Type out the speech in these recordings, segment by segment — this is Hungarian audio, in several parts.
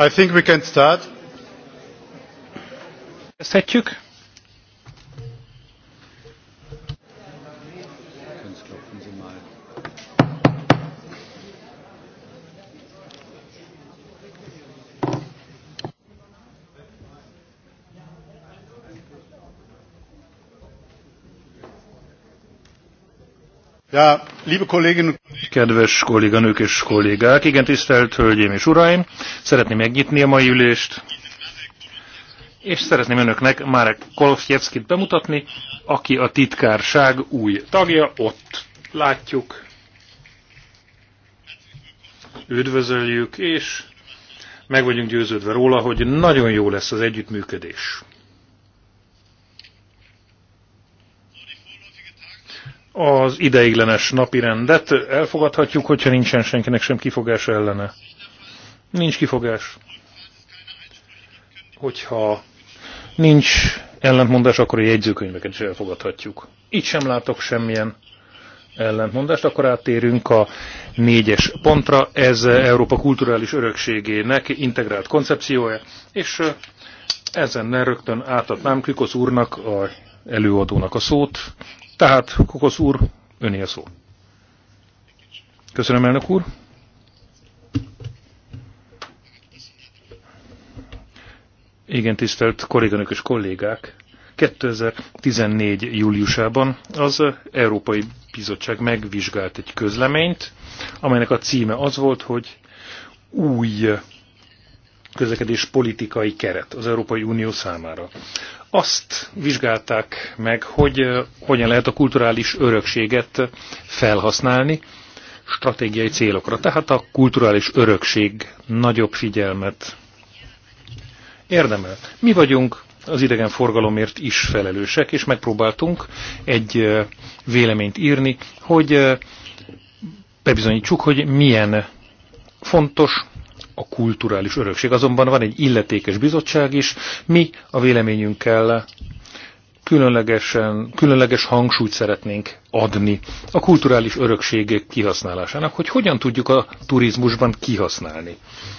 I think we can start. Kezdhetjük. Ja, liebe Kolleginnen kedves kolléganők és kollégák! Igen, tisztelt Hölgyeim és Uraim! Szeretném megnyitni a mai ülést, és szeretném önöknek Márek Kolovszjevszkit bemutatni, aki a titkárság új tagja, ott látjuk, üdvözöljük, és meg vagyunk győződve róla, hogy nagyon jó lesz az együttműködés. az ideiglenes rendet. elfogadhatjuk, hogyha nincsen senkinek sem kifogás ellene. Nincs kifogás. Hogyha nincs ellentmondás, akkor a jegyzőkönyveket is elfogadhatjuk. Itt sem látok semmilyen ellentmondást, akkor áttérünk a négyes pontra. Ez Európa kulturális örökségének integrált koncepciója, és ezen rögtön átadnám Krikosz úrnak a előadónak a szót. Tehát, Kokosz úr, öné a szó. Köszönöm, elnök úr. Igen, tisztelt kolléganök és kollégák! 2014. júliusában az Európai Bizottság megvizsgált egy közleményt, amelynek a címe az volt, hogy új közlekedés politikai keret az Európai Unió számára azt vizsgálták meg, hogy hogyan lehet a kulturális örökséget felhasználni stratégiai célokra. Tehát a kulturális örökség nagyobb figyelmet érdemel. Mi vagyunk az idegenforgalomért is felelősek, és megpróbáltunk egy véleményt írni, hogy bebizonyítsuk, hogy milyen fontos a kulturális örökség. Azonban van egy illetékes bizottság is, mi a véleményünkkel különlegesen, különleges hangsúlyt szeretnénk adni a kulturális örökség kihasználásának, hogy hogyan tudjuk a turizmusban kihasználni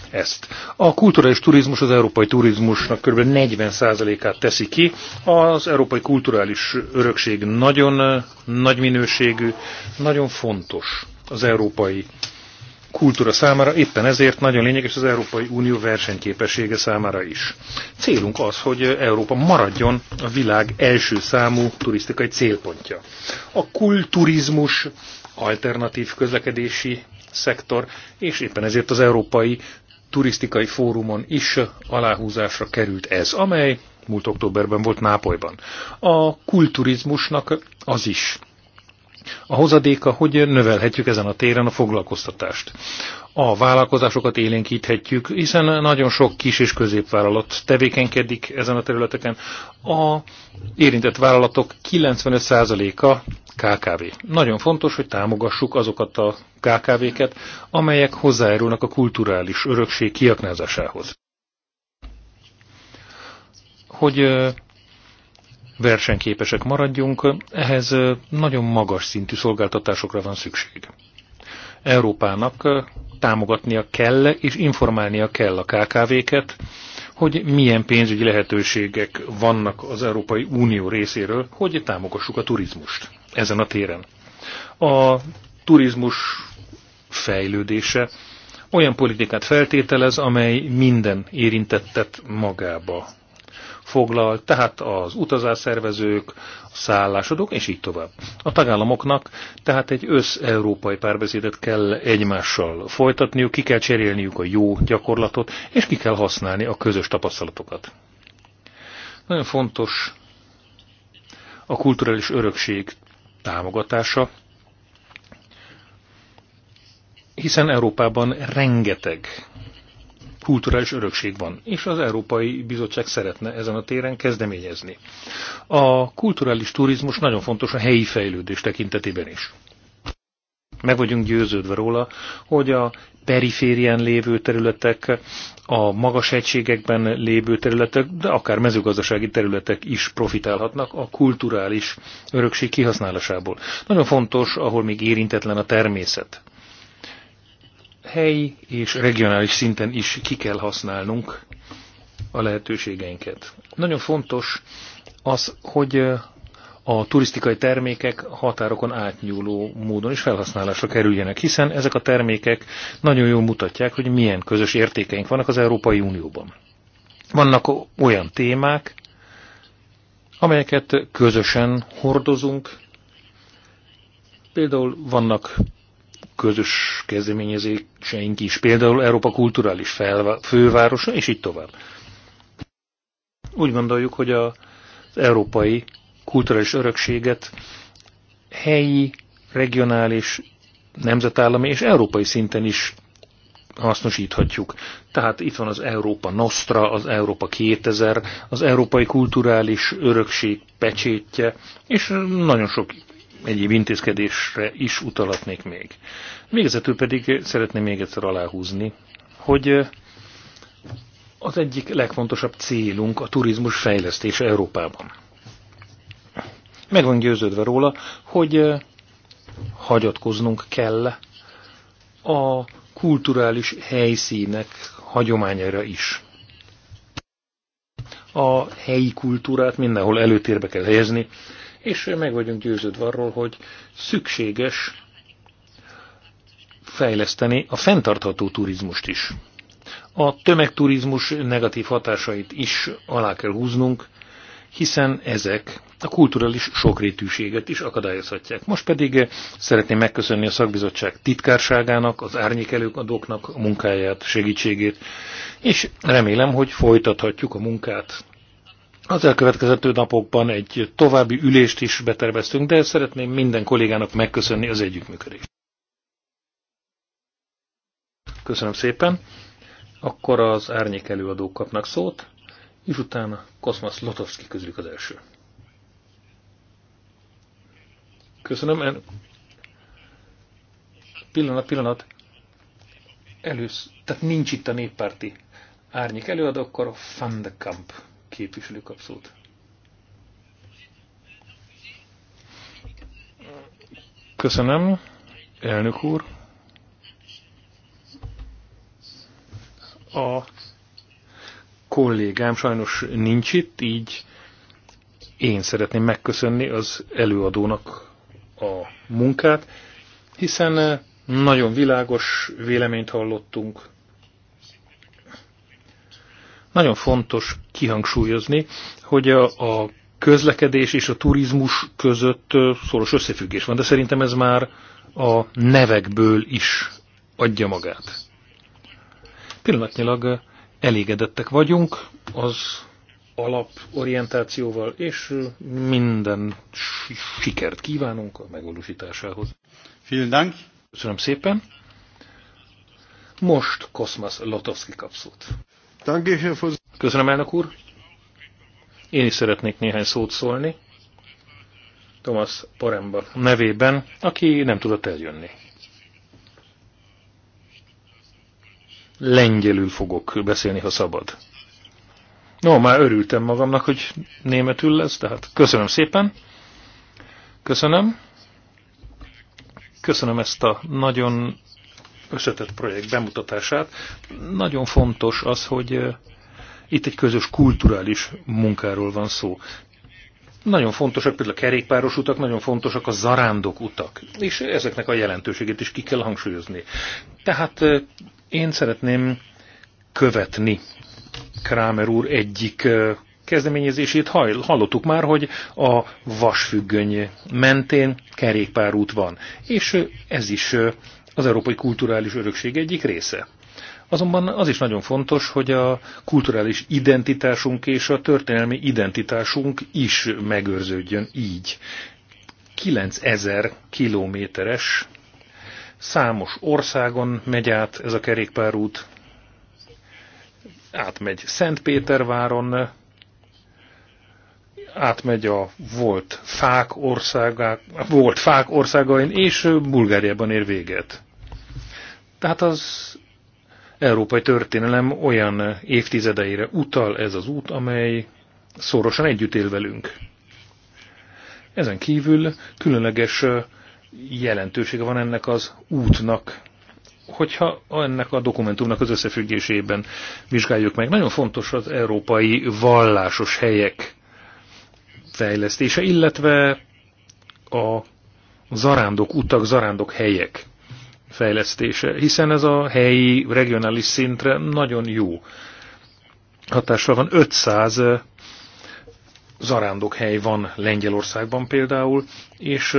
ezt. A kulturális turizmus az európai turizmusnak kb. 40%-át teszi ki. Az európai kulturális örökség nagyon nagy minőségű, nagyon fontos az európai kultúra számára, éppen ezért nagyon lényeges az Európai Unió versenyképessége számára is. Célunk az, hogy Európa maradjon a világ első számú turisztikai célpontja. A kulturizmus alternatív közlekedési szektor, és éppen ezért az Európai Turisztikai Fórumon is aláhúzásra került ez, amely múlt októberben volt Nápolyban. A kulturizmusnak az is a hozadéka, hogy növelhetjük ezen a téren a foglalkoztatást. A vállalkozásokat élénkíthetjük, hiszen nagyon sok kis és középvállalat tevékenykedik ezen a területeken. A érintett vállalatok 95%-a KKV. Nagyon fontos, hogy támogassuk azokat a KKV-ket, amelyek hozzájárulnak a kulturális örökség kiaknázásához. Hogy versenyképesek maradjunk, ehhez nagyon magas szintű szolgáltatásokra van szükség. Európának támogatnia kell és informálnia kell a KKV-ket, hogy milyen pénzügyi lehetőségek vannak az Európai Unió részéről, hogy támogassuk a turizmust ezen a téren. A turizmus fejlődése olyan politikát feltételez, amely minden érintettet magába foglal, tehát az utazásszervezők, a szállásodók, és így tovább. A tagállamoknak tehát egy ös-európai párbeszédet kell egymással folytatniuk, ki kell cserélniük a jó gyakorlatot, és ki kell használni a közös tapasztalatokat. Nagyon fontos a kulturális örökség támogatása, hiszen Európában rengeteg kulturális örökség van, és az Európai Bizottság szeretne ezen a téren kezdeményezni. A kulturális turizmus nagyon fontos a helyi fejlődés tekintetében is. Meg vagyunk győződve róla, hogy a periférien lévő területek, a magas egységekben lévő területek, de akár mezőgazdasági területek is profitálhatnak a kulturális örökség kihasználásából. Nagyon fontos, ahol még érintetlen a természet helyi és regionális szinten is ki kell használnunk a lehetőségeinket. Nagyon fontos az, hogy a turisztikai termékek határokon átnyúló módon is felhasználásra kerüljenek, hiszen ezek a termékek nagyon jól mutatják, hogy milyen közös értékeink vannak az Európai Unióban. Vannak olyan témák, amelyeket közösen hordozunk, például vannak közös kezdeményezéseink is, például Európa kulturális fővárosa, és így tovább. Úgy gondoljuk, hogy az európai kulturális örökséget helyi, regionális, nemzetállami és európai szinten is hasznosíthatjuk. Tehát itt van az Európa Nostra, az Európa 2000, az Európai Kulturális Örökség pecsétje, és nagyon sok egyéb intézkedésre is utalatnék még. Végezetül pedig szeretném még egyszer aláhúzni, hogy eh, az egyik legfontosabb célunk a turizmus fejlesztése Európában. Meg van győződve róla, hogy eh, hagyatkoznunk kell a kulturális helyszínek hagyományára is. A helyi kultúrát mindenhol előtérbe kell helyezni, és meg vagyunk győződve arról, hogy szükséges fejleszteni a fenntartható turizmust is. A tömegturizmus negatív hatásait is alá kell húznunk, hiszen ezek a kulturális sokrétűséget is akadályozhatják. Most pedig szeretném megköszönni a szakbizottság titkárságának, az árnyékelőadóknak a munkáját, segítségét, és remélem, hogy folytathatjuk a munkát az elkövetkező napokban egy további ülést is beterveztünk, de szeretném minden kollégának megköszönni az együttműködést. Köszönöm szépen. Akkor az árnyék előadók kapnak szót, és utána Kosmas Lotovski közülük az első. Köszönöm. En... Pillanat, pillanat. Elősz... Tehát nincs itt a néppárti árnyék előadó, akkor a Fandekamp. Kamp Képviselők abszolút. Köszönöm, elnök úr. A kollégám sajnos nincs itt, így én szeretném megköszönni az előadónak a munkát, hiszen nagyon világos véleményt hallottunk, nagyon fontos kihangsúlyozni, hogy a, a közlekedés és a turizmus között szoros összefüggés van, de szerintem ez már a nevekből is adja magát. Pillanatnyilag elégedettek vagyunk az alaporientációval, és minden sikert kívánunk a megvalósításához. Vielen Dank! Köszönöm szépen! Most Kosmas Lotovski kapszót. Köszönöm, elnök úr. Én is szeretnék néhány szót szólni. Thomas Paremba nevében, aki nem tudott eljönni. Lengyelül fogok beszélni, ha szabad. No, már örültem magamnak, hogy németül lesz, tehát köszönöm szépen. Köszönöm. Köszönöm ezt a nagyon összetett projekt bemutatását. Nagyon fontos az, hogy itt egy közös kulturális munkáról van szó. Nagyon fontosak például a kerékpáros utak, nagyon fontosak a zarándok utak, és ezeknek a jelentőségét is ki kell hangsúlyozni. Tehát én szeretném követni Krámer úr egyik kezdeményezését hallottuk már, hogy a vasfüggöny mentén kerékpárút van. És ez is az európai kulturális örökség egyik része. Azonban az is nagyon fontos, hogy a kulturális identitásunk és a történelmi identitásunk is megőrződjön így. 9000 kilométeres számos országon megy át ez a kerékpárút, átmegy Szentpéterváron, átmegy a volt fák, országá, volt fák országain, és Bulgáriában ér véget. Tehát az európai történelem olyan évtizedeire utal ez az út, amely szorosan együtt él velünk. Ezen kívül különleges jelentősége van ennek az útnak, hogyha ennek a dokumentumnak az összefüggésében vizsgáljuk meg. Nagyon fontos az európai vallásos helyek fejlesztése, illetve a zarándok utak, zarándok helyek fejlesztése, hiszen ez a helyi, regionális szintre nagyon jó hatással van. 500 zarándokhely van Lengyelországban például, és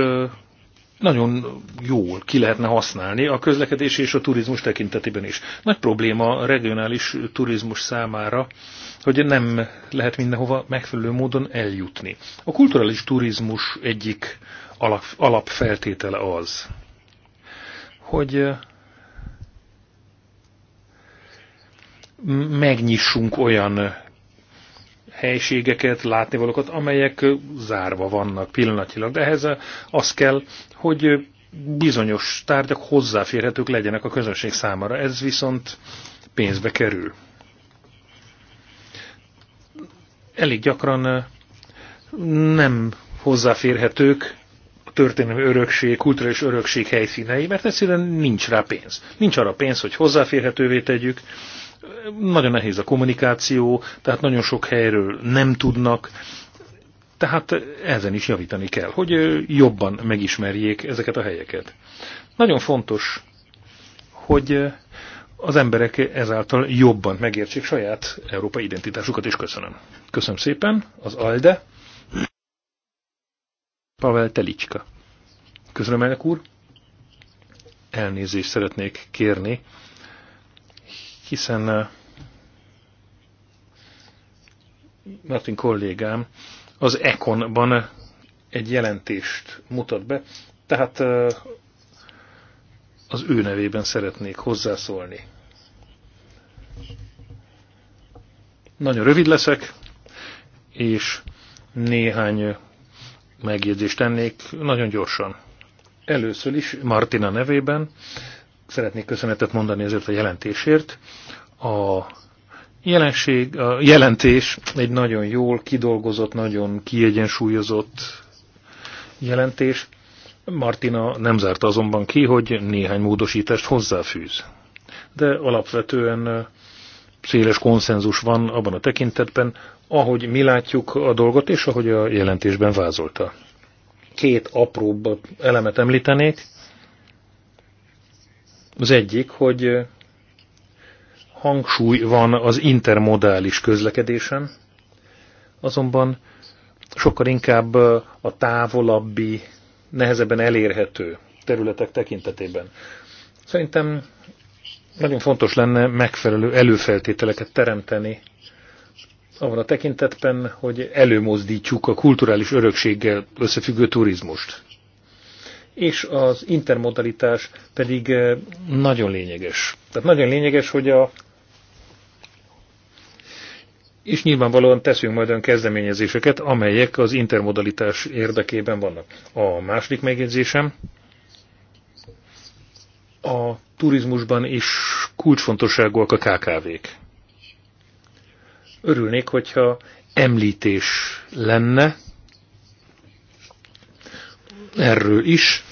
nagyon jól ki lehetne használni a közlekedés és a turizmus tekintetében is. Nagy probléma a regionális turizmus számára, hogy nem lehet mindenhova megfelelő módon eljutni. A kulturális turizmus egyik alap, alapfeltétele az, hogy eh, megnyissunk olyan helységeket, látnivalókat, amelyek eh, zárva vannak pillanatilag. De ehhez eh, az kell, hogy bizonyos tárgyak hozzáférhetők legyenek a közönség számára. Ez viszont pénzbe kerül. Elég gyakran nem hozzáférhetők a történelmi örökség, kulturális örökség helyszínei, mert egyszerűen nincs rá pénz. Nincs arra pénz, hogy hozzáférhetővé tegyük. Nagyon nehéz a kommunikáció, tehát nagyon sok helyről nem tudnak, tehát ezen is javítani kell, hogy jobban megismerjék ezeket a helyeket. Nagyon fontos, hogy az emberek ezáltal jobban megértsék saját európai identitásukat, és köszönöm. Köszönöm szépen, az ALDE. Pavel Telicska. Köszönöm, elnök úr. Elnézést szeretnék kérni, hiszen Martin kollégám az Econban egy jelentést mutat be, tehát az ő nevében szeretnék hozzászólni. Nagyon rövid leszek, és néhány megjegyzést tennék nagyon gyorsan. Először is Martina nevében szeretnék köszönetet mondani ezért a jelentésért. A jelenség, a jelentés egy nagyon jól kidolgozott, nagyon kiegyensúlyozott jelentés. Martina nem zárta azonban ki, hogy néhány módosítást hozzáfűz. De alapvetően széles konszenzus van abban a tekintetben, ahogy mi látjuk a dolgot, és ahogy a jelentésben vázolta. Két apróbb elemet említenék. Az egyik, hogy hangsúly van az intermodális közlekedésen, azonban sokkal inkább a távolabbi, nehezebben elérhető területek tekintetében. Szerintem nagyon fontos lenne megfelelő előfeltételeket teremteni abban a tekintetben, hogy előmozdítsuk a kulturális örökséggel összefüggő turizmust. És az intermodalitás pedig nagyon lényeges. Tehát nagyon lényeges, hogy a és nyilvánvalóan teszünk majd olyan kezdeményezéseket, amelyek az intermodalitás érdekében vannak. A második megjegyzésem, a turizmusban is kulcsfontosságúak a KKV-k. Örülnék, hogyha említés lenne erről is,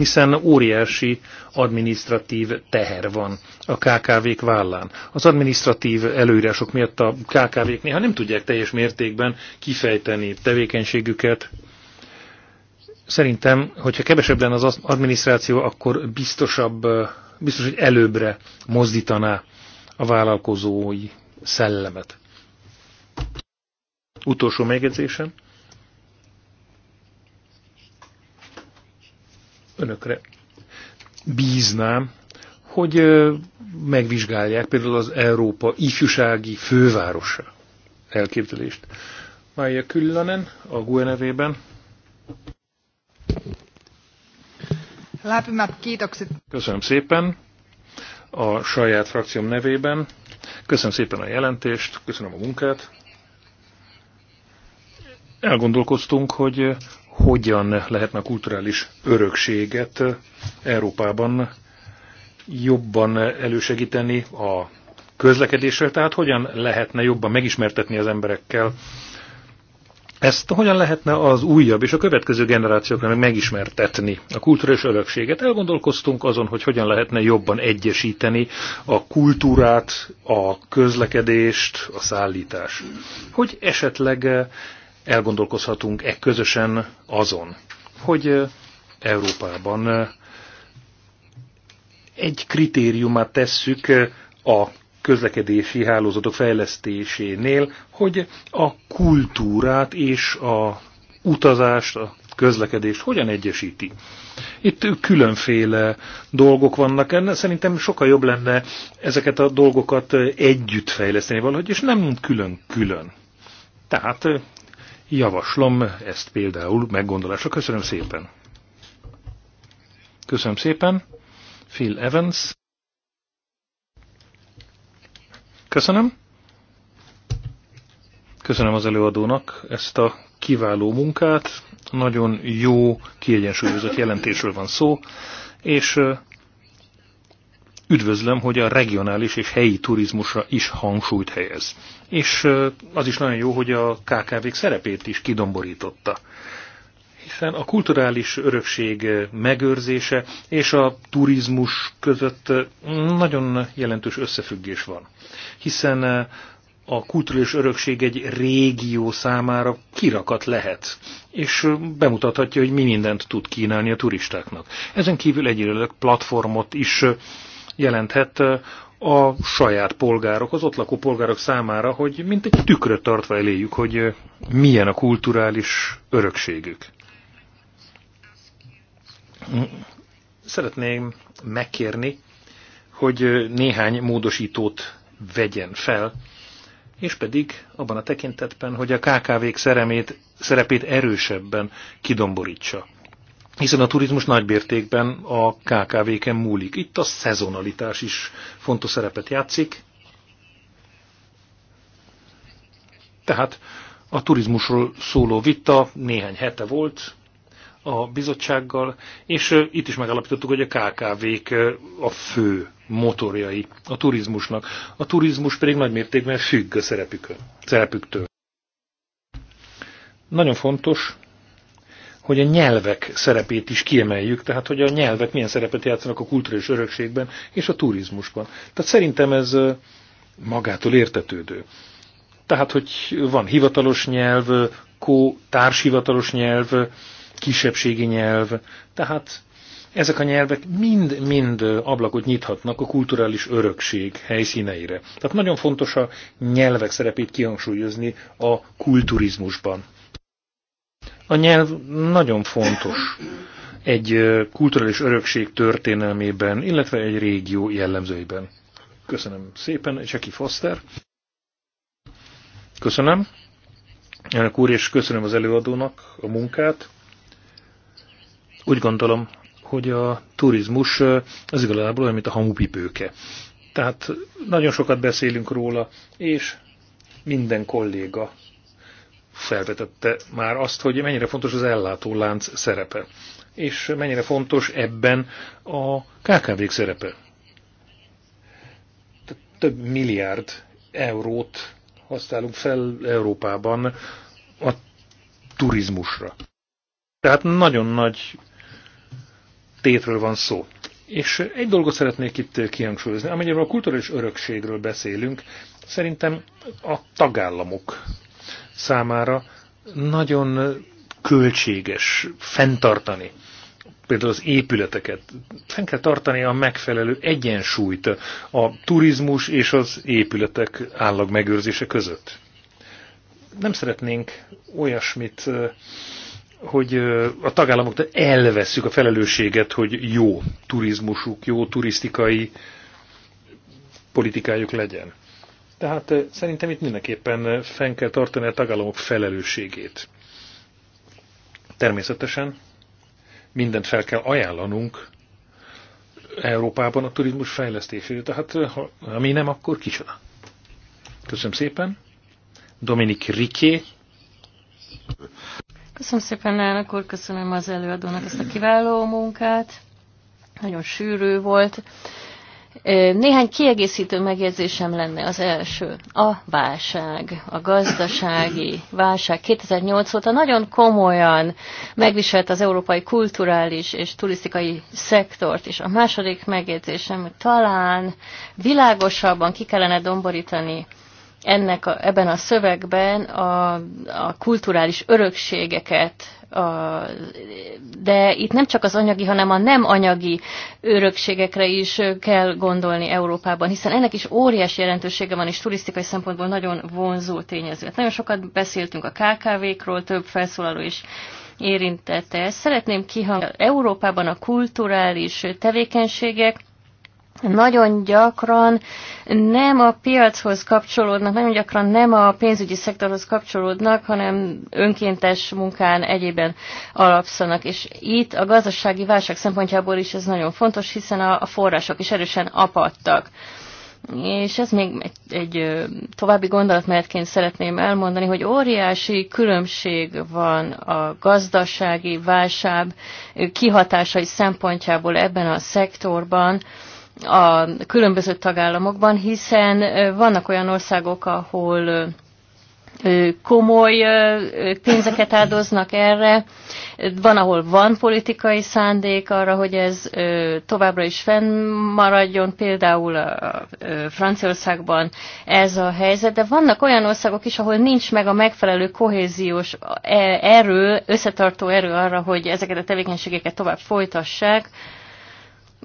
hiszen óriási administratív teher van a KKV-k vállán. Az administratív előírások miatt a KKV-k néha nem tudják teljes mértékben kifejteni tevékenységüket. Szerintem, hogyha kevesebb lenne az adminisztráció, akkor biztosabb, biztos, hogy előbbre mozdítaná a vállalkozói szellemet. Utolsó megjegyzésem. önökre bíznám, hogy megvizsgálják például az Európa ifjúsági fővárosa elképzelést. Maja Küllanen a GUE nevében. Köszönöm szépen a saját frakcióm nevében. Köszönöm szépen a jelentést, köszönöm a munkát. Elgondolkoztunk, hogy hogyan lehetne a kulturális örökséget Európában jobban elősegíteni a közlekedéssel, tehát hogyan lehetne jobban megismertetni az emberekkel, ezt hogyan lehetne az újabb és a következő generációkra megismertetni a kulturális örökséget? Elgondolkoztunk azon, hogy hogyan lehetne jobban egyesíteni a kultúrát, a közlekedést, a szállítást. Hogy esetleg elgondolkozhatunk-e közösen azon, hogy Európában egy kritériumát tesszük a közlekedési hálózatok fejlesztésénél, hogy a kultúrát és a utazást, a közlekedést hogyan egyesíti. Itt különféle dolgok vannak, enne. szerintem sokkal jobb lenne ezeket a dolgokat együtt fejleszteni valahogy, és nem külön-külön. Tehát javaslom ezt például meggondolásra. Köszönöm szépen. Köszönöm szépen. Phil Evans. Köszönöm. Köszönöm az előadónak ezt a kiváló munkát. Nagyon jó, kiegyensúlyozott jelentésről van szó, és üdvözlöm, hogy a regionális és helyi turizmusra is hangsúlyt helyez. És az is nagyon jó, hogy a KKV-k szerepét is kidomborította hiszen a kulturális örökség megőrzése és a turizmus között nagyon jelentős összefüggés van. Hiszen a kulturális örökség egy régió számára kirakat lehet, és bemutathatja, hogy mi mindent tud kínálni a turistáknak. Ezen kívül egyébként platformot is jelenthet a saját polgárok, az ott lakó polgárok számára, hogy mint egy tükröt tartva eléjük, hogy milyen a kulturális örökségük. Szeretném megkérni, hogy néhány módosítót vegyen fel, és pedig abban a tekintetben, hogy a KKV-k szerepét erősebben kidomborítsa hiszen a turizmus nagybértékben a KKV-ken múlik. Itt a szezonalitás is fontos szerepet játszik. Tehát a turizmusról szóló vita néhány hete volt a bizottsággal, és itt is megállapítottuk, hogy a KKV-k a fő motorjai a turizmusnak. A turizmus pedig nagymértékben függ a szerepük szerepüktől. Nagyon fontos, hogy a nyelvek szerepét is kiemeljük, tehát hogy a nyelvek milyen szerepet játszanak a kulturális örökségben és a turizmusban. Tehát szerintem ez magától értetődő. Tehát, hogy van hivatalos nyelv, kó, társhivatalos nyelv, kisebbségi nyelv, tehát ezek a nyelvek mind-mind ablakot nyithatnak a kulturális örökség helyszíneire. Tehát nagyon fontos a nyelvek szerepét kihangsúlyozni a kulturizmusban. A nyelv nagyon fontos egy kulturális örökség történelmében, illetve egy régió jellemzőiben. Köszönöm szépen, Cseki Foster. Köszönöm. Elnök úr, és köszönöm az előadónak a munkát. Úgy gondolom, hogy a turizmus az igazából olyan, mint a hamupipőke. Tehát nagyon sokat beszélünk róla, és minden kolléga felvetette már azt, hogy mennyire fontos az ellátólánc szerepe, és mennyire fontos ebben a kkv szerepe. Több milliárd eurót használunk fel Európában a turizmusra. Tehát nagyon nagy tétről van szó. És egy dolgot szeretnék itt kihangsúlyozni. Amennyiben a kulturális örökségről beszélünk, szerintem a tagállamok számára nagyon költséges fenntartani például az épületeket. Fenn kell tartani a megfelelő egyensúlyt a turizmus és az épületek állag megőrzése között. Nem szeretnénk olyasmit, hogy a tagállamoktól elveszük a felelősséget, hogy jó turizmusuk, jó turisztikai politikájuk legyen. Tehát szerintem itt mindenképpen fenn kell tartani a tagállamok felelősségét. Természetesen mindent fel kell ajánlanunk Európában a turizmus fejlesztésére. Tehát ha, ha mi nem, akkor kicsoda. Köszönöm szépen. Dominik Riké. Köszönöm szépen, elnök úr, köszönöm az előadónak ezt a kiváló munkát. Nagyon sűrű volt. Néhány kiegészítő megjegyzésem lenne az első. A válság, a gazdasági válság 2008 óta nagyon komolyan megviselt az európai kulturális és turisztikai szektort, és a második megjegyzésem, hogy talán világosabban ki kellene domborítani ennek a, ebben a szövegben a, a kulturális örökségeket, a, de itt nem csak az anyagi, hanem a nem anyagi örökségekre is kell gondolni Európában, hiszen ennek is óriási jelentősége van, és turisztikai szempontból nagyon vonzó tényező. Hát nagyon sokat beszéltünk a KKV-król, több felszólaló is érintette Szeretném kihangolni, Európában a kulturális tevékenységek nagyon gyakran nem a piachoz kapcsolódnak, nagyon gyakran nem a pénzügyi szektorhoz kapcsolódnak, hanem önkéntes munkán egyében alapszanak. És itt a gazdasági válság szempontjából is ez nagyon fontos, hiszen a források is erősen apadtak. És ez még egy, egy további gondolatmenetként szeretném elmondani, hogy óriási különbség van a gazdasági válság kihatásai szempontjából ebben a szektorban, a különböző tagállamokban, hiszen vannak olyan országok, ahol komoly pénzeket áldoznak erre. Van, ahol van politikai szándék arra, hogy ez továbbra is fennmaradjon, például a Franciaországban ez a helyzet, de vannak olyan országok is, ahol nincs meg a megfelelő kohéziós e, erő, összetartó erő arra, hogy ezeket a tevékenységeket tovább folytassák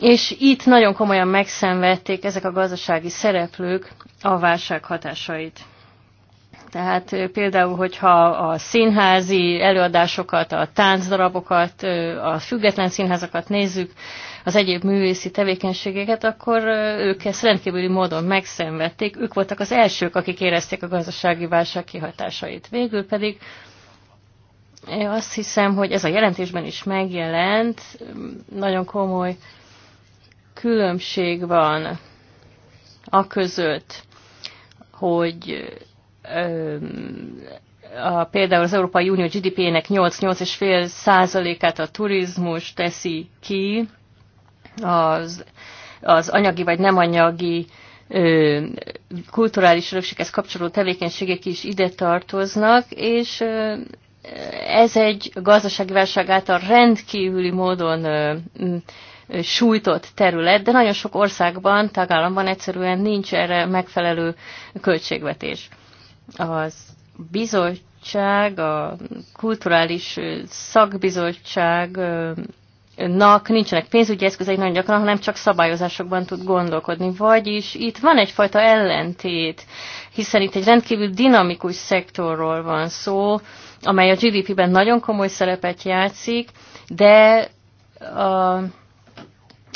és itt nagyon komolyan megszenvedték ezek a gazdasági szereplők a válság hatásait. Tehát például, hogyha a színházi előadásokat, a táncdarabokat, a független színházakat nézzük, az egyéb művészi tevékenységeket, akkor ők ezt rendkívüli módon megszenvedték. Ők voltak az elsők, akik érezték a gazdasági válság kihatásait. Végül pedig én azt hiszem, hogy ez a jelentésben is megjelent, nagyon komoly különbség van a között, hogy a, például az Európai Unió GDP-nek 8-8,5 százalékát a turizmus teszi ki, az, az anyagi vagy nem anyagi ö, kulturális örökséghez kapcsoló tevékenységek is ide tartoznak, és ö, ez egy gazdasági válság által rendkívüli módon ö, sújtott terület, de nagyon sok országban, tagállamban egyszerűen nincs erre megfelelő költségvetés. Az bizottság, a kulturális szakbizottság nak nincsenek pénzügyi eszközei nagyon gyakran, hanem csak szabályozásokban tud gondolkodni. Vagyis itt van egyfajta ellentét, hiszen itt egy rendkívül dinamikus szektorról van szó, amely a GDP-ben nagyon komoly szerepet játszik, de a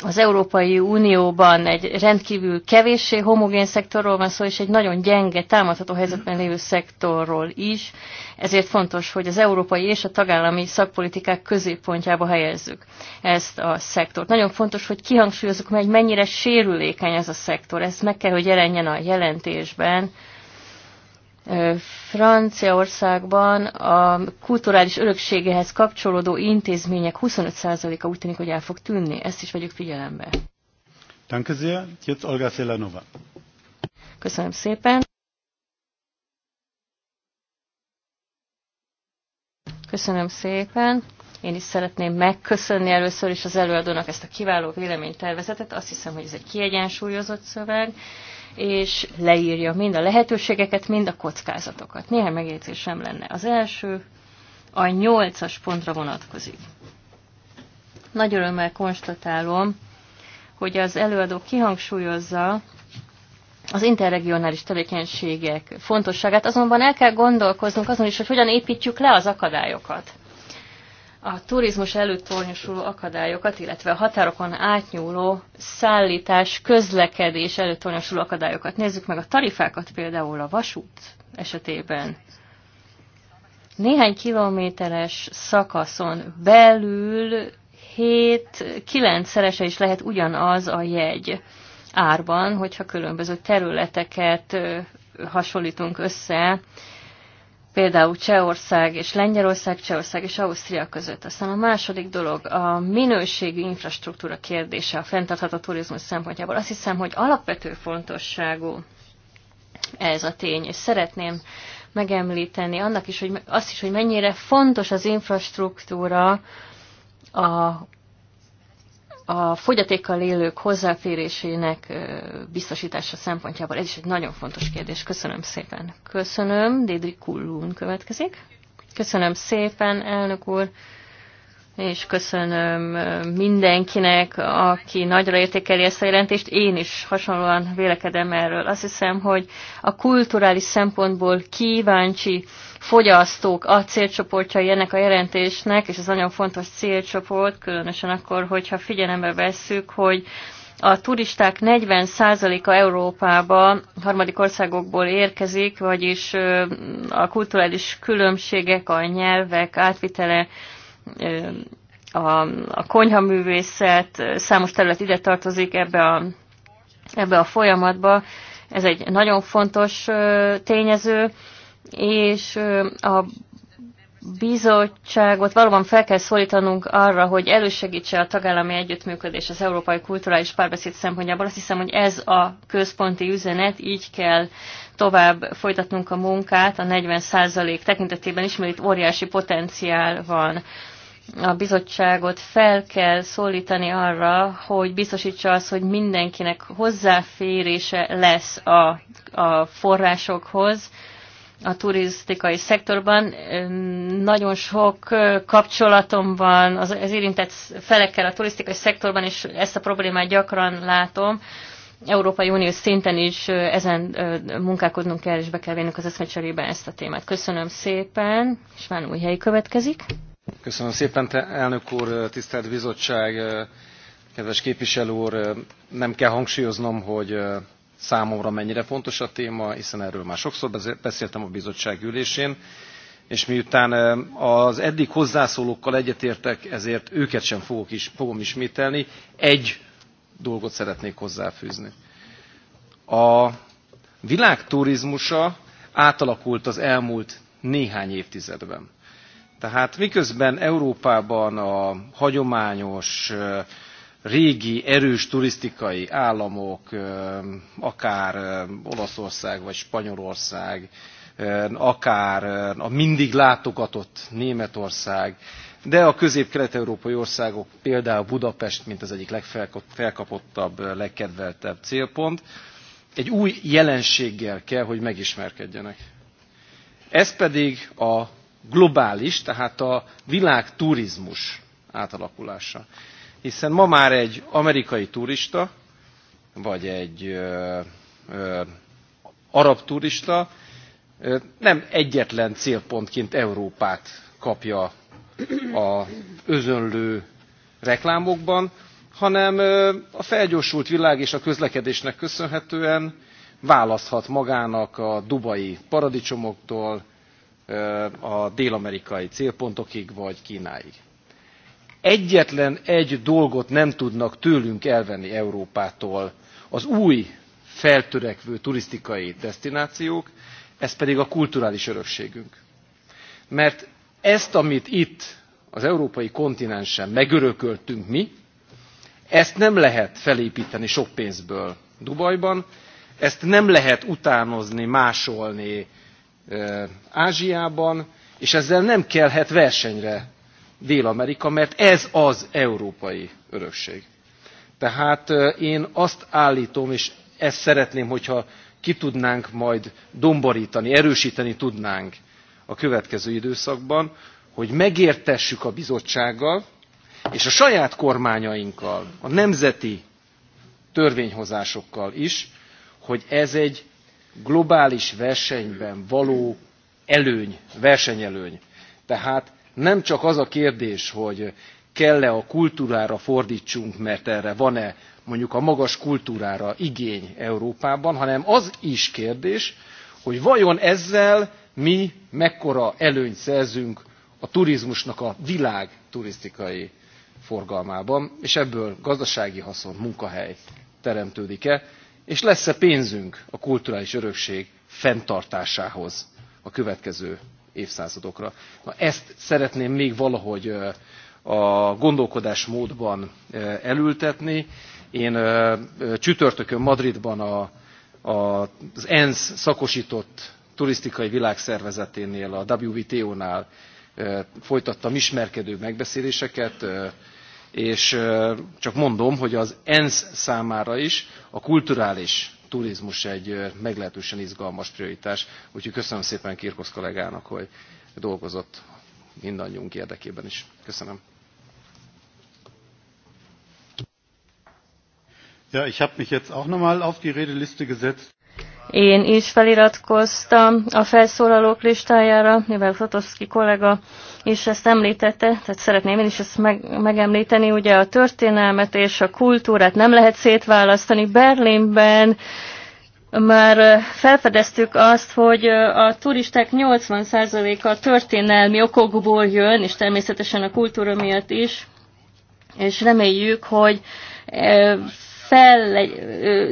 az Európai Unióban egy rendkívül kevéssé homogén szektorról van szó, és egy nagyon gyenge, támadható helyzetben lévő szektorról is, ezért fontos, hogy az európai és a tagállami szakpolitikák középpontjába helyezzük ezt a szektort. Nagyon fontos, hogy kihangsúlyozzuk hogy mennyire sérülékeny ez a szektor. Ez meg kell, hogy jelenjen a jelentésben, Franciaországban a kulturális örökségehez kapcsolódó intézmények 25%-a úgy tűnik, hogy el fog tűnni. Ezt is vegyük figyelembe. Danke sehr. Jetzt Olga Selanova. Köszönöm szépen. Köszönöm szépen. Én is szeretném megköszönni először is az előadónak ezt a kiváló véleménytervezetet. Azt hiszem, hogy ez egy kiegyensúlyozott szöveg és leírja mind a lehetőségeket, mind a kockázatokat. Néhány megjegyzésem lenne. Az első a nyolcas pontra vonatkozik. Nagy örömmel konstatálom, hogy az előadó kihangsúlyozza az interregionális tevékenységek fontosságát, azonban el kell gondolkoznunk azon is, hogy hogyan építjük le az akadályokat a turizmus előtt tornyosuló akadályokat, illetve a határokon átnyúló szállítás, közlekedés előtt tornyosuló akadályokat. Nézzük meg a tarifákat például a vasút esetében. Néhány kilométeres szakaszon belül 7-9-szerese is lehet ugyanaz a jegy árban, hogyha különböző területeket hasonlítunk össze például Csehország és Lengyelország, Csehország és Ausztria között. Aztán a második dolog a minőségi infrastruktúra kérdése a fenntartható turizmus szempontjából. Azt hiszem, hogy alapvető fontosságú ez a tény, és szeretném megemlíteni annak is, hogy azt is, hogy mennyire fontos az infrastruktúra a a fogyatékkal élők hozzáférésének biztosítása szempontjából ez is egy nagyon fontos kérdés. Köszönöm szépen. Köszönöm. Dédri Kullún következik. Köszönöm szépen, elnök úr és köszönöm mindenkinek, aki nagyra értékeli ezt a jelentést. Én is hasonlóan vélekedem erről. Azt hiszem, hogy a kulturális szempontból kíváncsi fogyasztók a célcsoportjai ennek a jelentésnek, és ez nagyon fontos célcsoport, különösen akkor, hogyha figyelembe vesszük, hogy a turisták 40%-a Európába harmadik országokból érkezik, vagyis a kulturális különbségek, a nyelvek átvitele a, a konyhaművészet, számos terület ide tartozik ebbe a, ebbe a folyamatba. Ez egy nagyon fontos tényező, és a bizottságot valóban fel kell szólítanunk arra, hogy elősegítse a tagállami együttműködés az európai kulturális párbeszéd szempontjából. Azt hiszem, hogy ez a központi üzenet, így kell tovább folytatnunk a munkát a 40% tekintetében ismét óriási potenciál van a bizottságot fel kell szólítani arra, hogy biztosítsa az, hogy mindenkinek hozzáférése lesz a, a forrásokhoz, a turisztikai szektorban. Nagyon sok kapcsolatom van az, az érintett felekkel a turisztikai szektorban, és ezt a problémát gyakran látom. Európai Unió szinten is ezen munkálkodnunk kell, és be kell vennünk az eszmecserébe ezt a témát. Köszönöm szépen, és már új helyi következik. Köszönöm szépen, te, elnök úr, tisztelt bizottság, kedves képviselő úr, nem kell hangsúlyoznom, hogy számomra mennyire fontos a téma, hiszen erről már sokszor beszéltem a bizottság ülésén, és miután az eddig hozzászólókkal egyetértek, ezért őket sem fogok is, fogom ismételni, egy dolgot szeretnék hozzáfűzni. A világ turizmusa átalakult az elmúlt néhány évtizedben. Tehát miközben Európában a hagyományos régi, erős turisztikai államok, akár Olaszország vagy Spanyolország, akár a mindig látogatott Németország, de a közép-kelet-európai országok, például Budapest, mint az egyik legfelkapottabb, legkedveltebb célpont, egy új jelenséggel kell, hogy megismerkedjenek. Ez pedig a globális, tehát a világturizmus átalakulása hiszen ma már egy amerikai turista, vagy egy ö, ö, arab turista ö, nem egyetlen célpontként Európát kapja a özönlő reklámokban, hanem ö, a felgyorsult világ és a közlekedésnek köszönhetően választhat magának a dubai paradicsomoktól, a dél-amerikai célpontokig vagy Kínáig egyetlen egy dolgot nem tudnak tőlünk elvenni Európától az új feltörekvő turisztikai destinációk, ez pedig a kulturális örökségünk. Mert ezt, amit itt az európai kontinensen megörököltünk mi, ezt nem lehet felépíteni sok pénzből Dubajban, ezt nem lehet utánozni, másolni e, Ázsiában, és ezzel nem kelhet versenyre Dél-Amerika, mert ez az európai örökség. Tehát én azt állítom, és ezt szeretném, hogyha ki tudnánk majd domborítani, erősíteni tudnánk a következő időszakban, hogy megértessük a bizottsággal és a saját kormányainkkal, a nemzeti törvényhozásokkal is, hogy ez egy globális versenyben való előny, versenyelőny. Tehát nem csak az a kérdés hogy kell e a kultúrára fordtsunk mert erre van e mondjuk a magas kultúrára igény európában hanem az is kérdés hogy vajon ezzel mi mekkora előnyt szerzünk a turizmusnak a világ turisztikai forgalmában és ebből gazdasági haszon munkahely teremtődik e és lesz e pénzünk a kulturális örökség fenntartásához a következő évszázadokra. Na, ezt szeretném még valahogy a gondolkodásmódban elültetni. Én csütörtökön Madridban a, a, az ENSZ szakosított turisztikai világszervezeténél, a WTO-nál folytattam ismerkedő megbeszéléseket, és csak mondom, hogy az ENSZ számára is a kulturális turizmus egy meglehetősen izgalmas prioritás. Úgyhogy köszönöm szépen Kirkosz kollégának, hogy dolgozott mindannyiunk érdekében is. Köszönöm. Ja, ich habe mich jetzt auch nochmal auf die Redeliste gesetzt. Én is feliratkoztam a felszólalók listájára, mivel Fotoszki kollega is ezt említette, tehát szeretném én is ezt meg, megemlíteni, ugye a történelmet és a kultúrát nem lehet szétválasztani. Berlinben már felfedeztük azt, hogy a turisták 80%-a történelmi okokból jön, és természetesen a kultúra miatt is, és reméljük, hogy fel,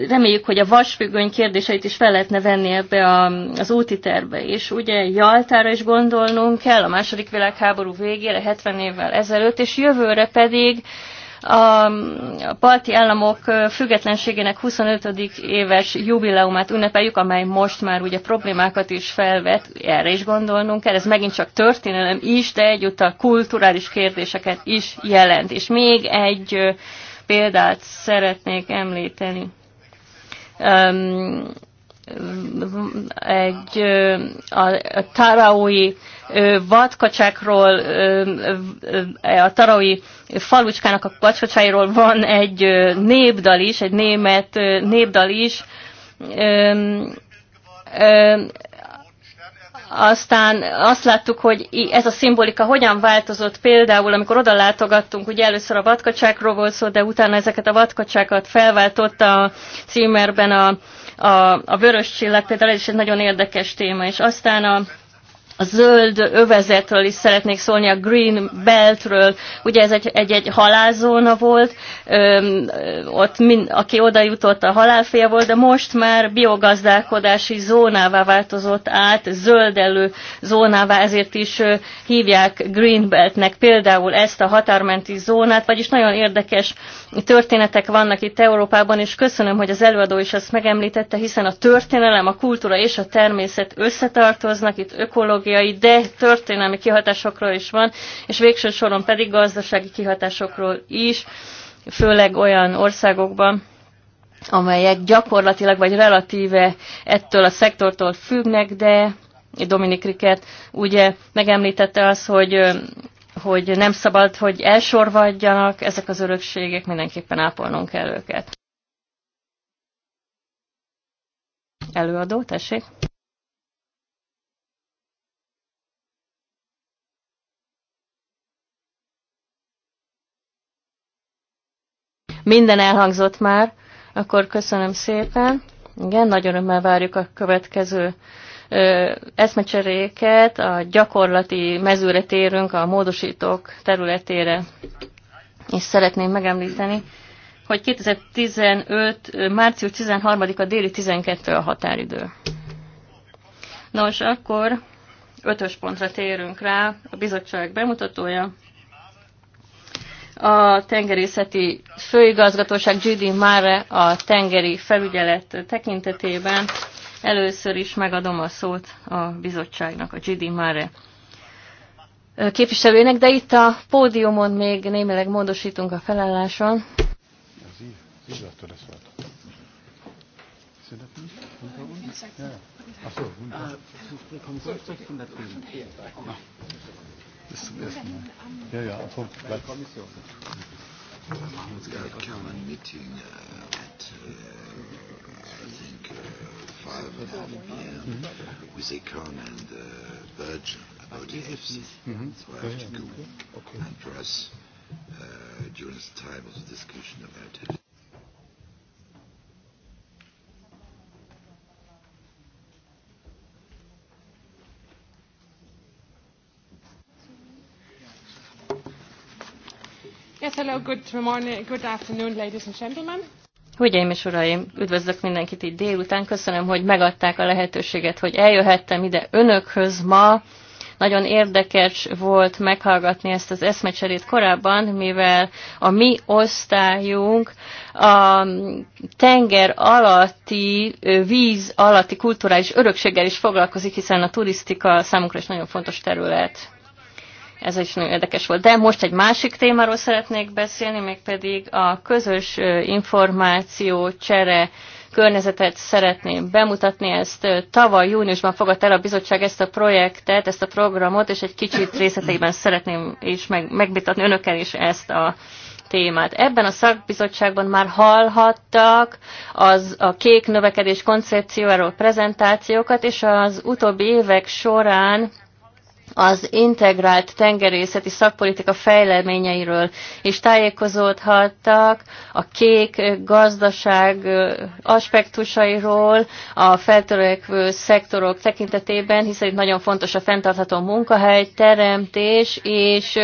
reméljük, hogy a vasfüggöny kérdéseit is fel lehetne venni ebbe a, az úti terbe. És ugye Jaltára is gondolnunk kell, a második világháború végére, 70 évvel ezelőtt, és jövőre pedig a, a balti államok függetlenségének 25. éves jubileumát ünnepeljük, amely most már ugye problémákat is felvet, erre is gondolnunk kell, ez megint csak történelem is, de egyúttal kulturális kérdéseket is jelent. És még egy példát szeretnék említeni. Um, egy a taraui vadkacsákról, a taraui falucskának a vadkacsáiról van egy népdal is, egy német népdal is, aztán azt láttuk, hogy ez a szimbolika hogyan változott például, amikor oda látogattunk, ugye először a vadkacsákról volt szó, de utána ezeket a vadkacsákat felváltotta a címerben a, a, a vörös csillag, például ez is egy nagyon érdekes téma, és aztán a, a zöld övezetről is szeretnék szólni, a Green Beltről. Ugye ez egy, egy, egy halálzóna volt, öm, ott mind, aki oda jutott, a halálfél volt, de most már biogazdálkodási zónává változott át, zöldelő zónává, ezért is ö, hívják Green Beltnek például ezt a határmenti zónát, vagyis nagyon érdekes történetek vannak itt Európában, és köszönöm, hogy az előadó is ezt megemlítette, hiszen a történelem, a kultúra és a természet összetartoznak, itt ökológiai, ökológiai, de történelmi kihatásokról is van, és végső soron pedig gazdasági kihatásokról is, főleg olyan országokban, amelyek gyakorlatilag vagy relatíve ettől a szektortól függnek, de Dominik Riket ugye megemlítette az, hogy hogy nem szabad, hogy elsorvadjanak ezek az örökségek, mindenképpen ápolnunk kell őket. Előadó, tessék. minden elhangzott már, akkor köszönöm szépen. Igen, nagyon örömmel várjuk a következő eszmecseréket, a gyakorlati mezőre térünk a módosítók területére, és szeretném megemlíteni, hogy 2015. március 13-a déli 12 a határidő. Nos, akkor ötös pontra térünk rá, a bizottság bemutatója, a tengerészeti főigazgatóság Judy Mare a tengeri felügyelet tekintetében. Először is megadom a szót a bizottságnak, a Judy Mare képviselőnek, de itt a pódiumon még némileg módosítunk a felálláson. Exactly bis zum ersten Mal. Ja, ja, also bleibt. Wir machen jetzt gerade Common Meeting uh, at, uh, I think, uh, 5 and a half p.m. Mm -hmm. with Econ and uh, Virgin about the FC. Mm -hmm. So I have to go okay. and press uh, during the time of the discussion about it. Hello, good morning, good afternoon, ladies and gentlemen. Hölgyeim és uraim, üdvözlök mindenkit itt délután. Köszönöm, hogy megadták a lehetőséget, hogy eljöhettem ide önökhöz ma. Nagyon érdekes volt meghallgatni ezt az eszmecserét korábban, mivel a mi osztályunk a tenger alatti, víz alatti kulturális örökséggel is foglalkozik, hiszen a turisztika számunkra is nagyon fontos terület ez is nagyon érdekes volt. De most egy másik témáról szeretnék beszélni, mégpedig a közös információ csere környezetet szeretném bemutatni. Ezt tavaly júniusban fogadta el a bizottság ezt a projektet, ezt a programot, és egy kicsit részletében szeretném is meg, megvitatni önökkel is ezt a témát. Ebben a szakbizottságban már hallhattak az a kék növekedés koncepciójáról prezentációkat, és az utóbbi évek során az integrált tengerészeti szakpolitika fejleményeiről is tájékozódhattak, a kék gazdaság aspektusairól, a feltörekvő szektorok tekintetében, hiszen itt nagyon fontos a fenntartható munkahely teremtés és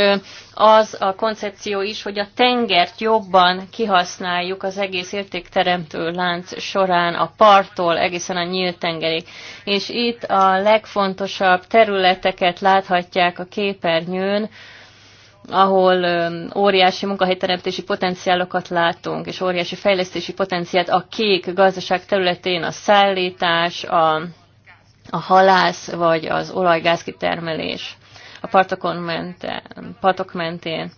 az a koncepció is, hogy a tengert jobban kihasználjuk az egész értékteremtő lánc során, a parttól egészen a nyílt tengerig. És itt a legfontosabb területeket láthatják a képernyőn, ahol óriási munkahelyteremtési potenciálokat látunk, és óriási fejlesztési potenciált a kék gazdaság területén a szállítás, a, a halász vagy az olajgázkitermelés a partok mentén.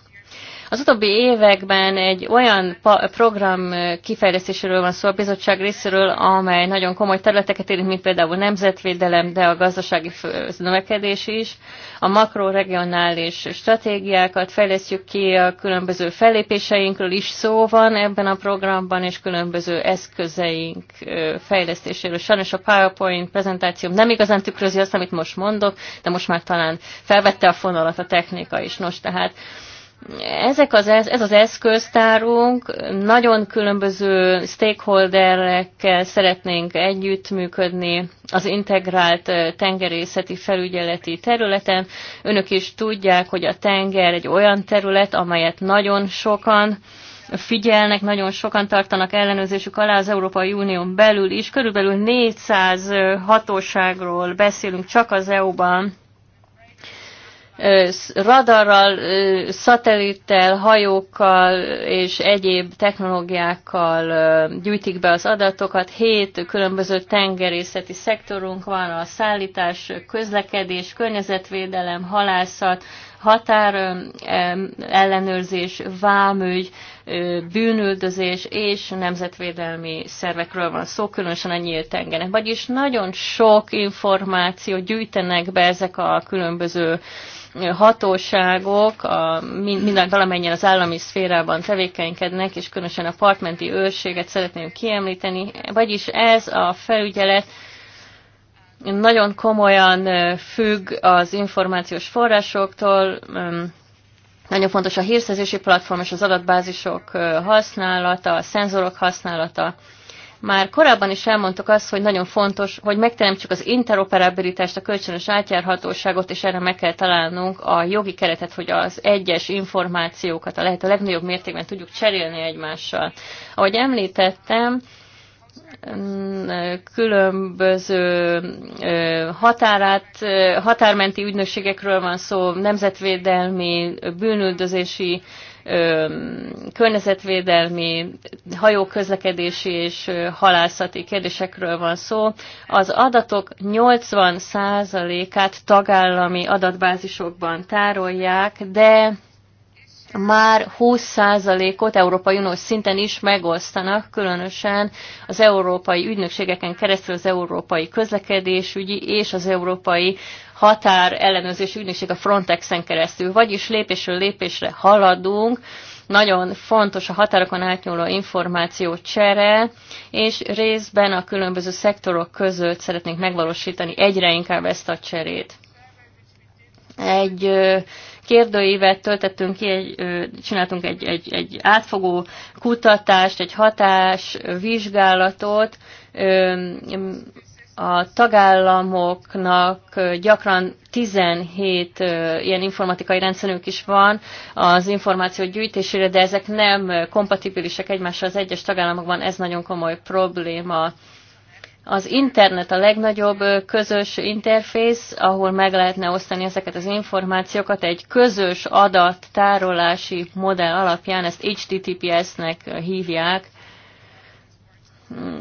Az utóbbi években egy olyan program kifejlesztéséről van szó a bizottság részéről, amely nagyon komoly területeket érint, mint például nemzetvédelem, de a gazdasági növekedés is. A makroregionális stratégiákat fejlesztjük ki, a különböző fellépéseinkről is szó van ebben a programban, és különböző eszközeink fejlesztéséről. Sajnos a PowerPoint prezentációm nem igazán tükrözi azt, amit most mondok, de most már talán felvette a fonalat a technika is. Nos, tehát ezek az, ez az eszköztárunk, nagyon különböző stakeholderekkel szeretnénk együttműködni az integrált tengerészeti felügyeleti területen. Önök is tudják, hogy a tenger egy olyan terület, amelyet nagyon sokan figyelnek, nagyon sokan tartanak ellenőrzésük alá az Európai Unión belül is. Körülbelül 400 hatóságról beszélünk csak az EU-ban, radarral, szatelittel, hajókkal és egyéb technológiákkal gyűjtik be az adatokat. Hét különböző tengerészeti szektorunk van, a szállítás, közlekedés, környezetvédelem, halászat, határ ellenőrzés, vámügy, bűnüldözés és nemzetvédelmi szervekről van szó, különösen a nyílt tengerek. Vagyis nagyon sok információ gyűjtenek be ezek a különböző hatóságok a, minden valamennyien az állami szférában tevékenykednek, és különösen a partmenti őrséget szeretném kiemlíteni. Vagyis ez a felügyelet nagyon komolyan függ az információs forrásoktól, nagyon fontos a hírszerzési platform és az adatbázisok használata, a szenzorok használata, már korábban is elmondtuk azt, hogy nagyon fontos, hogy megteremtsük az interoperabilitást, a kölcsönös átjárhatóságot, és erre meg kell találnunk a jogi keretet, hogy az egyes információkat a lehető legnagyobb mértékben tudjuk cserélni egymással. Ahogy említettem, mm, különböző határát, határmenti ügynökségekről van szó, nemzetvédelmi, bűnüldözési környezetvédelmi, hajóközlekedési és halászati kérdésekről van szó. Az adatok 80%-át tagállami adatbázisokban tárolják, de már 20%-ot Európai Uniós szinten is megosztanak, különösen az európai ügynökségeken keresztül az Európai Közlekedésügyi és az Európai Határ ellenőrzés Ügynökség a Frontexen keresztül. Vagyis lépésről lépésre haladunk, nagyon fontos a határokon átnyúló információ csere, és részben a különböző szektorok között szeretnénk megvalósítani egyre inkább ezt a cserét. Egy kérdőívet töltettünk ki, egy, csináltunk egy, egy, egy átfogó kutatást, egy hatás vizsgálatot, a tagállamoknak gyakran 17 ilyen informatikai rendszerünk is van az információ gyűjtésére, de ezek nem kompatibilisek egymással az egyes tagállamokban, ez nagyon komoly probléma. Az internet a legnagyobb közös interfész, ahol meg lehetne osztani ezeket az információkat egy közös adattárolási modell alapján, ezt HTTPS-nek hívják. Mm,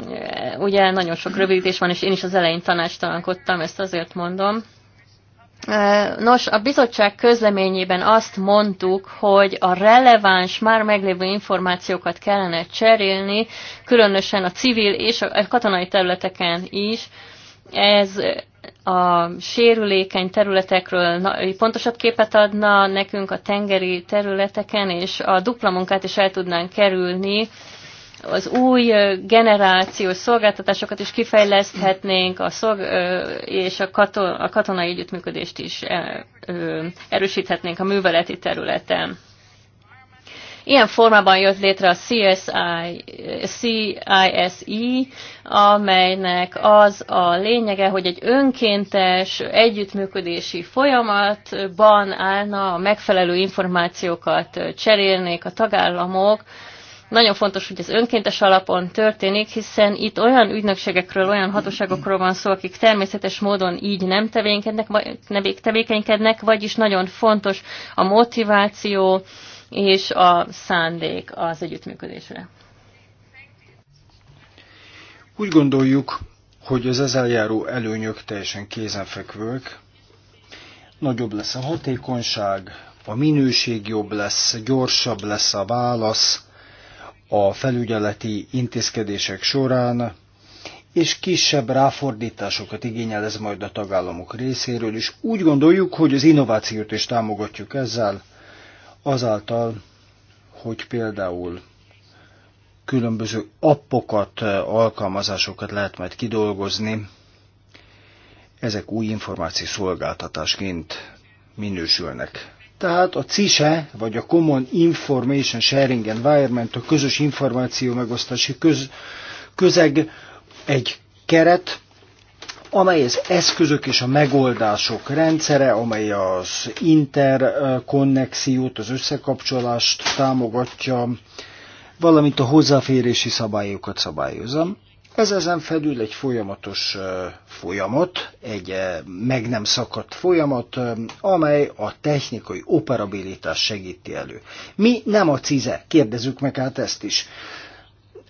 ugye nagyon sok rövidítés van, és én is az elején tanástalankodtam, ezt azért mondom. Nos, a bizottság közleményében azt mondtuk, hogy a releváns, már meglévő információkat kellene cserélni, különösen a civil és a katonai területeken is. Ez a sérülékeny területekről pontosabb képet adna nekünk a tengeri területeken, és a dupla munkát is el tudnánk kerülni, az új generációs szolgáltatásokat is kifejleszthetnénk, a szolg, és a, katon, a katonai együttműködést is erősíthetnénk a műveleti területen. Ilyen formában jött létre a CSI, CISI, e, amelynek az a lényege, hogy egy önkéntes együttműködési folyamatban állna, a megfelelő információkat cserélnék a tagállamok, nagyon fontos, hogy ez önkéntes alapon történik, hiszen itt olyan ügynökségekről, olyan hatóságokról van szó, akik természetes módon így nem tevékenykednek, vagy, nem tevékenykednek vagyis nagyon fontos a motiváció és a szándék az együttműködésre. Úgy gondoljuk, hogy az ezzel járó előnyök teljesen kézenfekvők. Nagyobb lesz a hatékonyság, a minőség jobb lesz, gyorsabb lesz a válasz, a felügyeleti intézkedések során, és kisebb ráfordításokat igényel ez majd a tagállamok részéről, és úgy gondoljuk, hogy az innovációt is támogatjuk ezzel, azáltal, hogy például különböző appokat, alkalmazásokat lehet majd kidolgozni, ezek új információ szolgáltatásként minősülnek. Tehát a CISE, vagy a Common Information Sharing Environment, a közös információ megosztási köz, közeg egy keret, amely az eszközök és a megoldások rendszere, amely az interkonnexiót, az összekapcsolást támogatja, valamint a hozzáférési szabályokat szabályozza. Ez ezen felül egy folyamatos folyamat, egy meg nem szakadt folyamat, amely a technikai operabilitás segíti elő. Mi nem a CIZE, kérdezzük meg hát ezt is.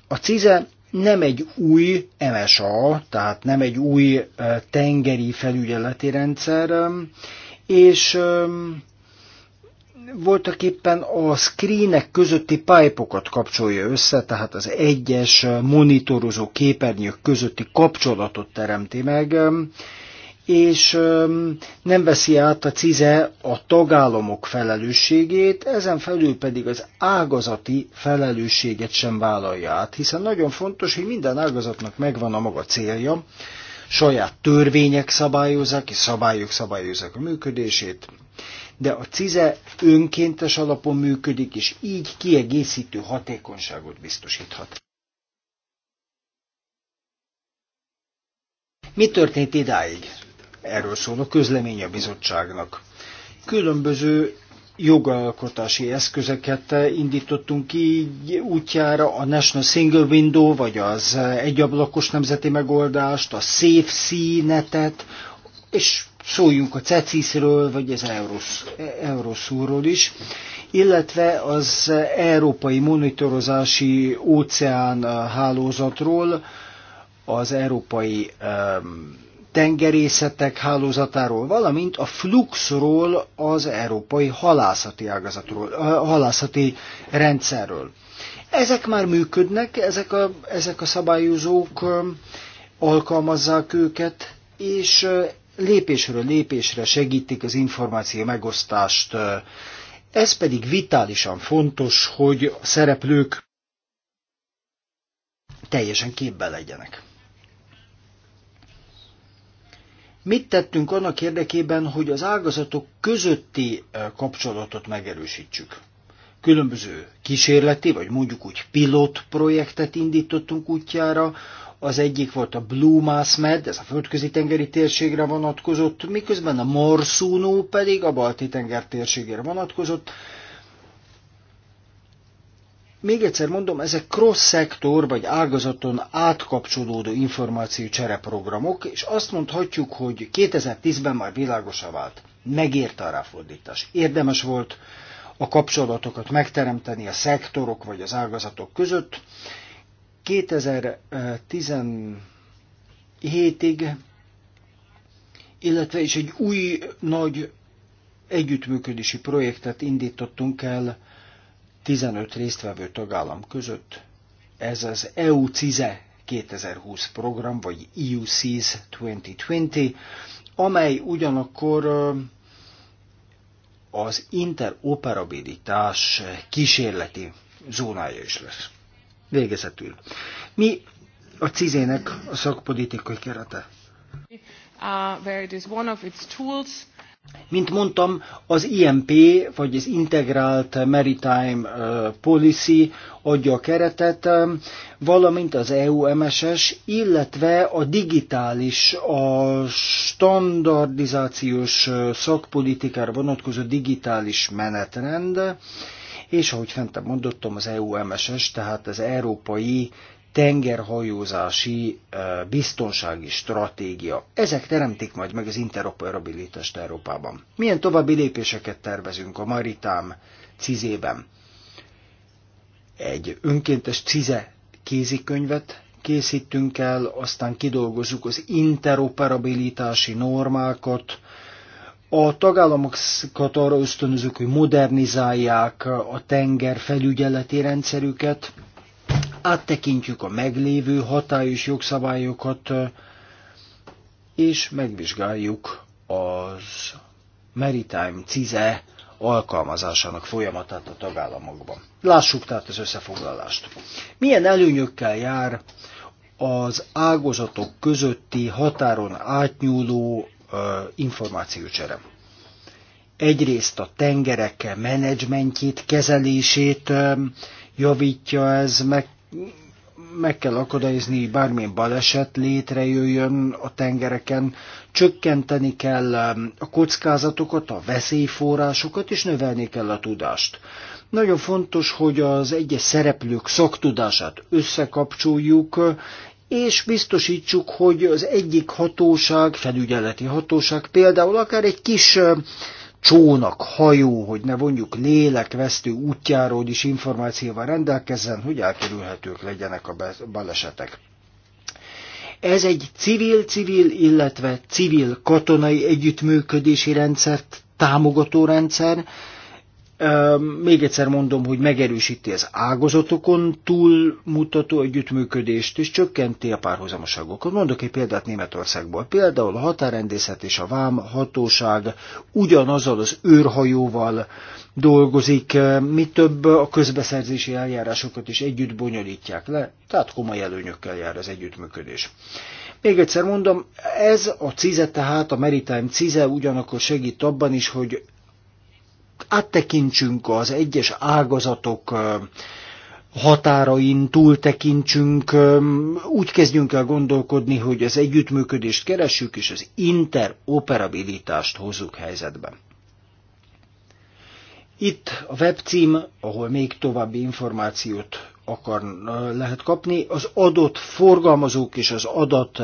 A CIZE nem egy új MSA, tehát nem egy új tengeri felügyeleti rendszer, és voltak éppen a screenek közötti pipokat kapcsolja össze, tehát az egyes monitorozó képernyők közötti kapcsolatot teremti meg, és nem veszi át a CIZE a tagállamok felelősségét, ezen felül pedig az ágazati felelősséget sem vállalja át, hiszen nagyon fontos, hogy minden ágazatnak megvan a maga célja, saját törvények szabályozzák, és szabályok szabályozzák a működését, de a CIZE önkéntes alapon működik, és így kiegészítő hatékonyságot biztosíthat. Mi történt idáig? Erről szól a közlemény a bizottságnak. Különböző jogalkotási eszközeket indítottunk ki útjára, a National Single Window, vagy az egyablakos nemzeti megoldást, a Safe Sea netet, és szóljunk a CECIS-ről, vagy az Euroszúról is, illetve az Európai Monitorozási Óceán hálózatról, az Európai um, tengerészetek hálózatáról, valamint a Fluxról, az Európai Halászati, ágazatról, halászati rendszerről. Ezek már működnek, ezek a, ezek a szabályozók alkalmazzák őket, és lépésről lépésre segítik az információ megosztást. Ez pedig vitálisan fontos, hogy a szereplők teljesen képben legyenek. Mit tettünk annak érdekében, hogy az ágazatok közötti eh, kapcsolatot megerősítsük? Különböző kísérleti, vagy mondjuk úgy pilot projektet indítottunk útjára, az egyik volt a Blue Mass Med, ez a földközi tengeri térségre vonatkozott, miközben a Morszúnó pedig a balti tenger térségére vonatkozott. Még egyszer mondom, ezek cross-szektor vagy ágazaton átkapcsolódó információ programok, és azt mondhatjuk, hogy 2010-ben már világosá vált. Megérte a ráfordítás. Érdemes volt a kapcsolatokat megteremteni a szektorok vagy az ágazatok között, 2017-ig, illetve is egy új nagy együttműködési projektet indítottunk el 15 résztvevő tagállam között. Ez az EU-CIZE e 2020 program, vagy eu CISE 2020, amely ugyanakkor az interoperabilitás kísérleti zónája is lesz. Végezetül. Mi a cizének a szakpolitikai kerete? Uh, Mint mondtam, az IMP, vagy az Integrált Maritime uh, Policy adja a keretet, um, valamint az EU MSS, illetve a digitális, a standardizációs uh, szakpolitikára vonatkozó digitális menetrend, és ahogy fent mondottam, az EUMSS, tehát az Európai Tengerhajózási Biztonsági Stratégia. Ezek teremtik majd meg az interoperabilitást Európában. Milyen további lépéseket tervezünk a Maritám cizében? Egy önkéntes cize kézikönyvet készítünk el, aztán kidolgozzuk az interoperabilitási normákat, a tagállamokat arra ösztönözök, hogy modernizálják a tenger felügyeleti rendszerüket, áttekintjük a meglévő hatályos jogszabályokat, és megvizsgáljuk az Maritime CIZE alkalmazásának folyamatát a tagállamokban. Lássuk tehát az összefoglalást. Milyen előnyökkel jár az ágazatok közötti határon átnyúló információcsere. Egyrészt a tengerek menedzsmentjét, kezelését javítja ez, meg, meg kell akadályozni, bármilyen baleset létrejöjjön a tengereken, csökkenteni kell a kockázatokat, a veszélyforrásokat, és növelni kell a tudást. Nagyon fontos, hogy az egyes szereplők szaktudását összekapcsoljuk, és biztosítsuk, hogy az egyik hatóság, felügyeleti hatóság például akár egy kis csónak, hajó, hogy ne vonjuk lélekvesztő útjáról is információval rendelkezzen, hogy elkerülhetők legyenek a balesetek. Ez egy civil-civil, illetve civil-katonai együttműködési rendszert támogató rendszer, még egyszer mondom, hogy megerősíti az ágazatokon túlmutató együttműködést, és csökkenti a párhuzamoságokat. Mondok egy példát Németországból. Például a határrendészet és a vám hatóság ugyanazzal az őrhajóval dolgozik, mi több a közbeszerzési eljárásokat is együtt bonyolítják le, tehát komoly előnyökkel jár az együttműködés. Még egyszer mondom, ez a CIZE, tehát a Maritime CIZE ugyanakkor segít abban is, hogy áttekintsünk az egyes ágazatok határain túltekintsünk, úgy kezdjünk el gondolkodni, hogy az együttműködést keressük, és az interoperabilitást hozzuk helyzetbe. Itt a webcím, ahol még további információt akar, lehet kapni, az adott forgalmazók és az adat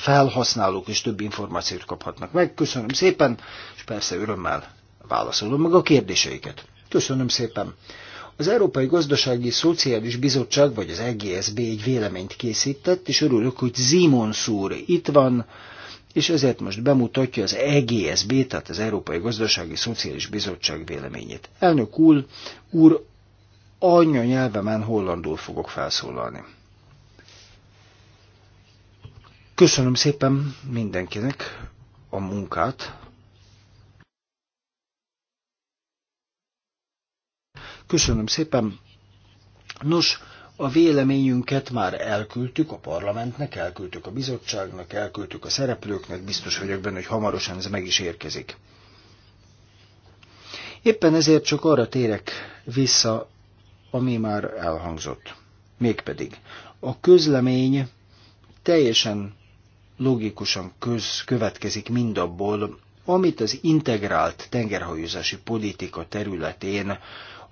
felhasználók is több információt kaphatnak meg. Köszönöm szépen, és persze örömmel válaszolom meg a kérdéseiket. Köszönöm szépen! Az Európai Gazdasági Szociális Bizottság, vagy az EGSB egy véleményt készített, és örülök, hogy Zimon szúr itt van, és ezért most bemutatja az EGSB, tehát az Európai Gazdasági Szociális Bizottság véleményét. Elnök úr, úr anyanyelvemen hollandul fogok felszólalni. Köszönöm szépen mindenkinek a munkát, Köszönöm szépen. Nos, a véleményünket már elküldtük a parlamentnek, elküldtük a bizottságnak, elküldtük a szereplőknek, biztos vagyok benne, hogy hamarosan ez meg is érkezik. Éppen ezért csak arra térek vissza, ami már elhangzott. Mégpedig a közlemény teljesen logikusan köz, következik mindabból, amit az integrált tengerhajózási politika területén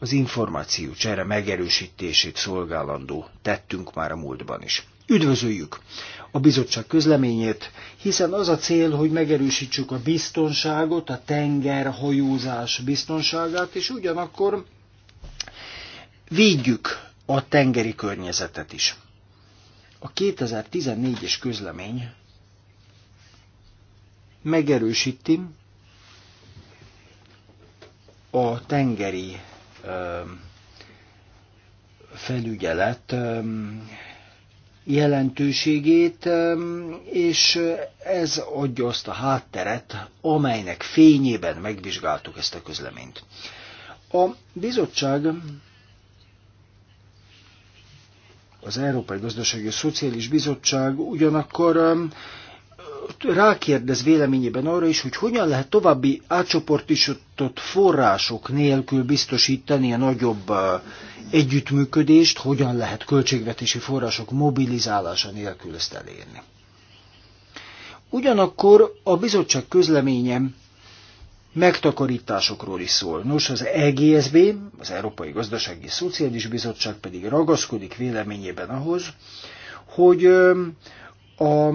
az információ csere megerősítését szolgálandó tettünk már a múltban is. Üdvözöljük a bizottság közleményét, hiszen az a cél, hogy megerősítsük a biztonságot, a tengerhajózás biztonságát, és ugyanakkor védjük a tengeri környezetet is. A 2014-es közlemény megerősíti a tengeri felügyelet jelentőségét, és ez adja azt a hátteret, amelynek fényében megvizsgáltuk ezt a közleményt. A bizottság az Európai Gazdasági és Szociális Bizottság ugyanakkor rákérdez véleményében arra is, hogy hogyan lehet további átcsoportosított források nélkül biztosítani a nagyobb uh, együttműködést, hogyan lehet költségvetési források mobilizálása nélkül ezt elérni. Ugyanakkor a bizottság közleménye megtakarításokról is szól. Nos, az EGSB, az Európai Gazdasági Szociális Bizottság pedig ragaszkodik véleményében ahhoz, hogy um, a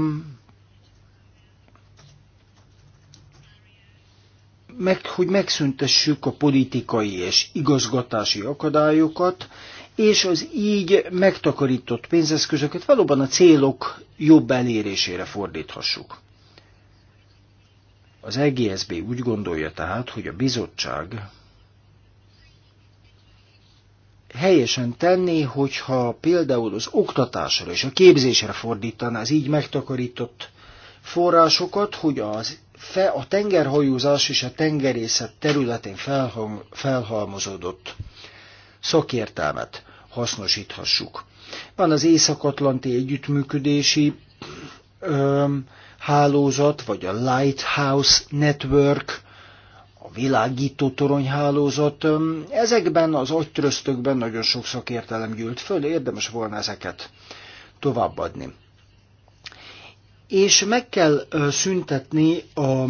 meg, hogy megszüntessük a politikai és igazgatási akadályokat, és az így megtakarított pénzeszközöket valóban a célok jobb elérésére fordíthassuk. Az EGSB úgy gondolja tehát, hogy a bizottság helyesen tenné, hogyha például az oktatásra és a képzésre fordítaná az így megtakarított forrásokat, hogy az fe a tengerhajózás és a tengerészet területén felhalm, felhalmozódott szakértelmet hasznosíthassuk. Van az Észak-Atlanti Együttműködési ö, hálózat, vagy a Lighthouse Network, a világító toronyhálózat. Ezekben az agytröztökben nagyon sok szakértelem gyűlt föl, érdemes volna ezeket továbbadni és meg kell szüntetni a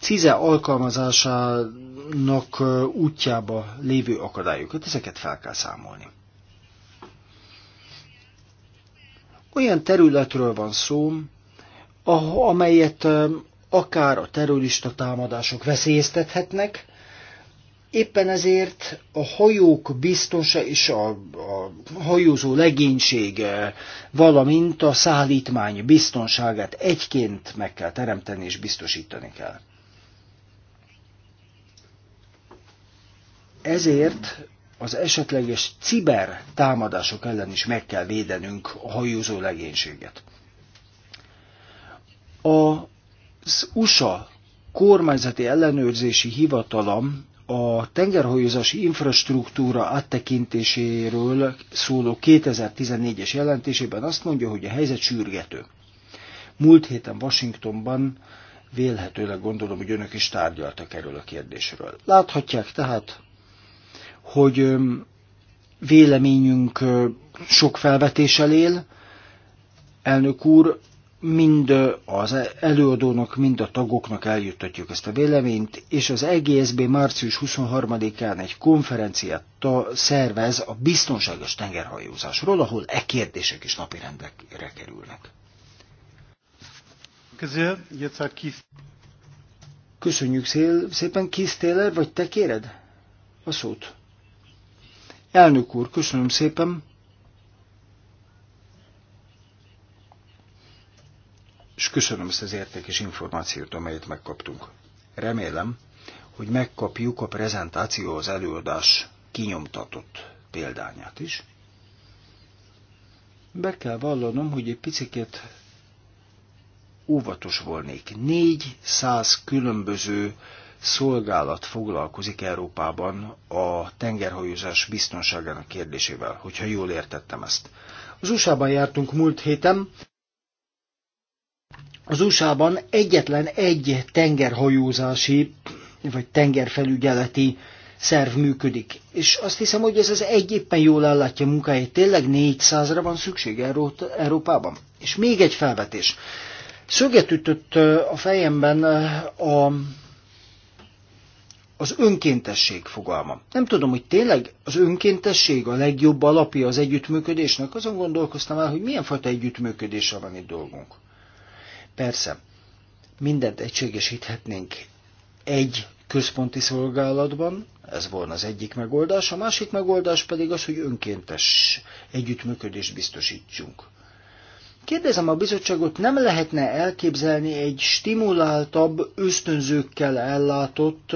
CIZE alkalmazásának útjába lévő akadályokat. Ezeket fel kell számolni. Olyan területről van szó, amelyet akár a terrorista támadások veszélyeztethetnek, Éppen ezért a hajók biztonsa és a, a hajózó legénysége, valamint a szállítmány biztonságát egyként meg kell teremteni és biztosítani kell. Ezért az esetleges ciber támadások ellen is meg kell védenünk a hajózó legénységet. Az USA kormányzati ellenőrzési hivatalam a tengerhajózási infrastruktúra áttekintéséről szóló 2014-es jelentésében azt mondja, hogy a helyzet sürgető. Múlt héten Washingtonban vélhetőleg gondolom, hogy önök is tárgyaltak erről a kérdésről. Láthatják tehát, hogy véleményünk sok felvetéssel él. Elnök úr, mind az előadónak, mind a tagoknak eljuttatjuk ezt a véleményt, és az EGSB március 23-án egy konferenciát szervez a biztonságos tengerhajózásról, ahol e kérdések is napirendekre kerülnek. Köszönjük szépen, Keith Taylor, vagy te kéred a szót? Elnök úr, köszönöm szépen. és köszönöm ezt az értékes információt, amelyet megkaptunk. Remélem, hogy megkapjuk a prezentáció az előadás kinyomtatott példányát is. Be kell vallanom, hogy egy picit óvatos volnék. 400 különböző szolgálat foglalkozik Európában a tengerhajózás biztonságának kérdésével, hogyha jól értettem ezt. Az USA-ban jártunk múlt héten, az USA-ban egyetlen egy tengerhajózási vagy tengerfelügyeleti szerv működik. És azt hiszem, hogy ez az egy éppen jól ellátja munkáját. Tényleg 400-ra van szükség Európában. És még egy felvetés. Szöget ütött a fejemben a, az önkéntesség fogalma. Nem tudom, hogy tényleg az önkéntesség a legjobb alapja az együttműködésnek. Azon gondolkoztam el, hogy milyen fajta együttműködésre van itt dolgunk. Persze, mindent egységesíthetnénk egy központi szolgálatban, ez volna az egyik megoldás, a másik megoldás pedig az, hogy önkéntes együttműködést biztosítsunk. Kérdezem a bizottságot, nem lehetne elképzelni egy stimuláltabb, ösztönzőkkel ellátott,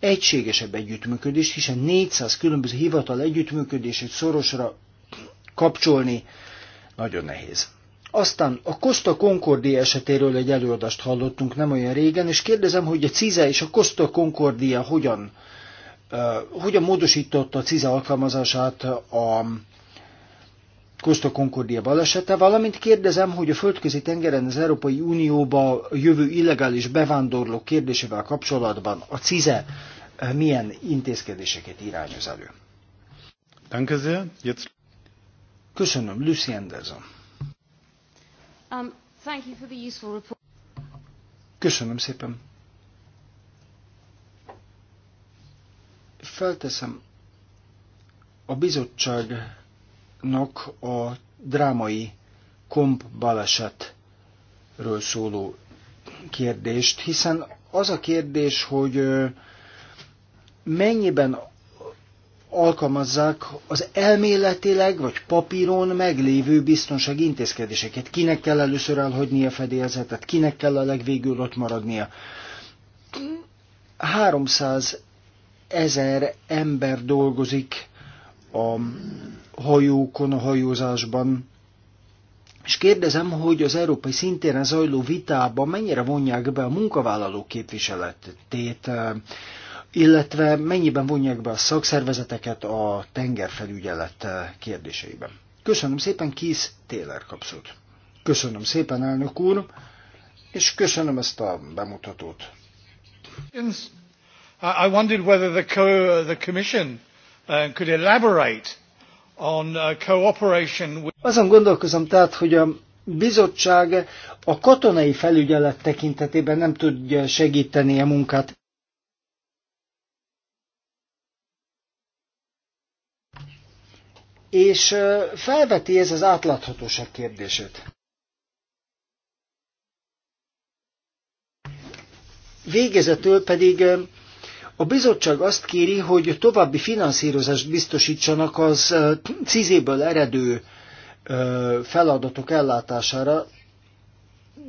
egységesebb együttműködést, hiszen 400 különböző hivatal együttműködését szorosra kapcsolni nagyon nehéz. Aztán a Costa Concordia esetéről egy előadást hallottunk nem olyan régen, és kérdezem, hogy a CISA és a Costa Concordia hogyan, uh, hogyan módosította a CISA alkalmazását a Costa Concordia balesete, valamint kérdezem, hogy a földközi tengeren az Európai Unióba jövő illegális bevándorlók kérdésével kapcsolatban a CISA milyen intézkedéseket irányoz elő. Köszönöm, Lucy Anderson. Um, Köszönöm szépen. Felteszem a bizottságnak a drámai komp balesetről szóló kérdést, hiszen az a kérdés, hogy mennyiben alkalmazzák az elméletileg vagy papíron meglévő biztonsági intézkedéseket. Kinek kell először elhagyni a fedélzetet, kinek kell a legvégül ott maradnia. 300 ezer ember dolgozik a hajókon, a hajózásban, és kérdezem, hogy az európai szintéren zajló vitában mennyire vonják be a munkavállalók képviseletét, illetve mennyiben vonják be a szakszervezeteket a tengerfelügyelet eh, kérdéseiben. Köszönöm szépen, kis Taylor kapszót. Köszönöm szépen, elnök úr, és köszönöm ezt a bemutatót. I wondered whether the, co the Commission uh, could elaborate on uh, cooperation with... Azon gondolkozom tehát, hogy a bizottság a katonai felügyelet tekintetében nem tudja segíteni a munkát. és felveti ez az átláthatóság kérdését. Végezetül pedig a bizottság azt kéri, hogy további finanszírozást biztosítsanak az cizéből eredő feladatok ellátására,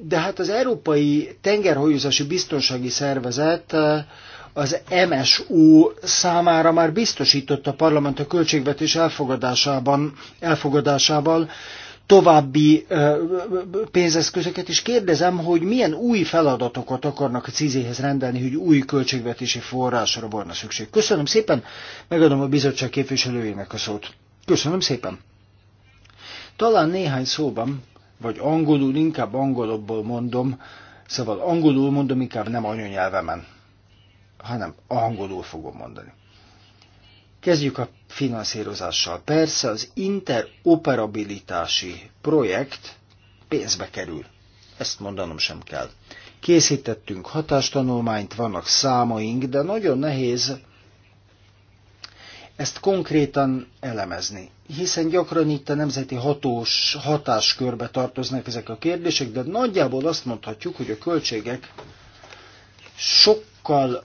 de hát az Európai Tengerhajózási Biztonsági Szervezet az MSO számára már biztosított a parlament a költségvetés elfogadásában, elfogadásával további pénzeszközöket, és kérdezem, hogy milyen új feladatokat akarnak a cizéhez rendelni, hogy új költségvetési forrásra volna szükség. Köszönöm szépen, megadom a bizottság képviselőjének a szót. Köszönöm szépen. Talán néhány szóban, vagy angolul, inkább angolokból mondom, szóval angolul mondom, inkább nem anyanyelvemen hanem angolul fogom mondani. Kezdjük a finanszírozással. Persze az interoperabilitási projekt pénzbe kerül. Ezt mondanom sem kell. Készítettünk hatástanulmányt, vannak számaink, de nagyon nehéz ezt konkrétan elemezni, hiszen gyakran itt a nemzeti hatós hatáskörbe tartoznak ezek a kérdések, de nagyjából azt mondhatjuk, hogy a költségek sok sokkal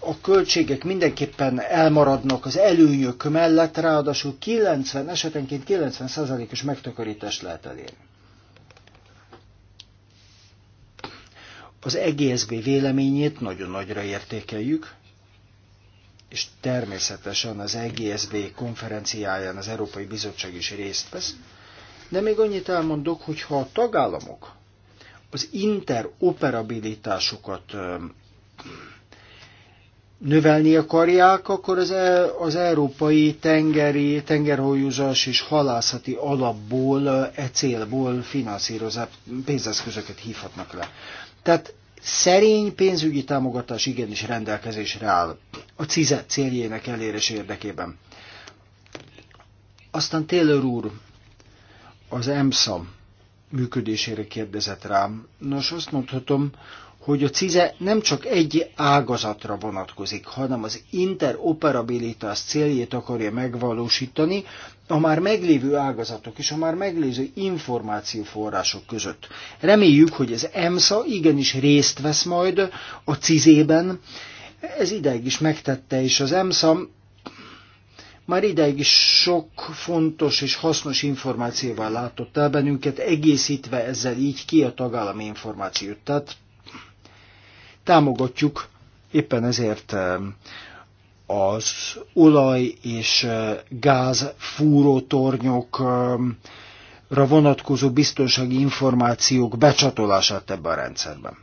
a költségek mindenképpen elmaradnak az előnyök mellett, ráadásul 90 esetenként 90%-os megtakarítást lehet elérni. Az EGSB véleményét nagyon nagyra értékeljük, és természetesen az EGSB konferenciáján az Európai Bizottság is részt vesz, de még annyit elmondok, hogy ha a tagállamok az interoperabilitásukat növelni akarják, akkor az, e-, az európai tengeri, tengerhajózás és halászati alapból, e célból finanszírozott pénzeszközöket hívhatnak le. Tehát szerény pénzügyi támogatás igenis rendelkezésre áll a CIZE céljének elérés érdekében. Aztán Taylor úr, az EMSA működésére kérdezett rám. Nos, azt mondhatom, hogy a CIZE nem csak egy ágazatra vonatkozik, hanem az interoperabilitás céljét akarja megvalósítani a már meglévő ágazatok és a már meglévő információforrások között. Reméljük, hogy az EMSA igenis részt vesz majd a CIZE-ben, ez ideig is megtette, és az EMSA már ideig is sok fontos és hasznos információval látott el bennünket, egészítve ezzel így ki a tagállami információt. Tehát támogatjuk éppen ezért eh, az olaj és eh, gáz fúrótornyokra vonatkozó biztonsági információk becsatolását ebbe a rendszerben.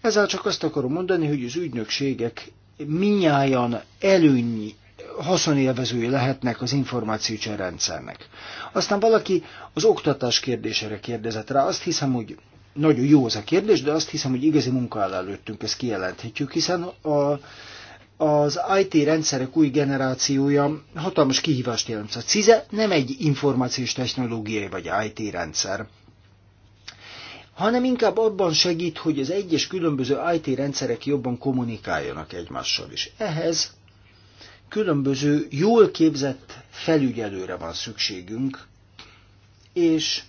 Ezzel csak azt akarom mondani, hogy az ügynökségek minnyáján előny haszonélvezői lehetnek az információs rendszernek. Aztán valaki az oktatás kérdésére kérdezett rá. Azt hiszem, hogy nagyon jó az a kérdés, de azt hiszem, hogy igazi munka áll előttünk, ezt kijelenthetjük, hiszen a, az IT rendszerek új generációja hatalmas kihívást jelent. A CIZE nem egy információs technológiai vagy IT rendszer, hanem inkább abban segít, hogy az egyes különböző IT rendszerek jobban kommunikáljanak egymással is. Ehhez különböző jól képzett felügyelőre van szükségünk, és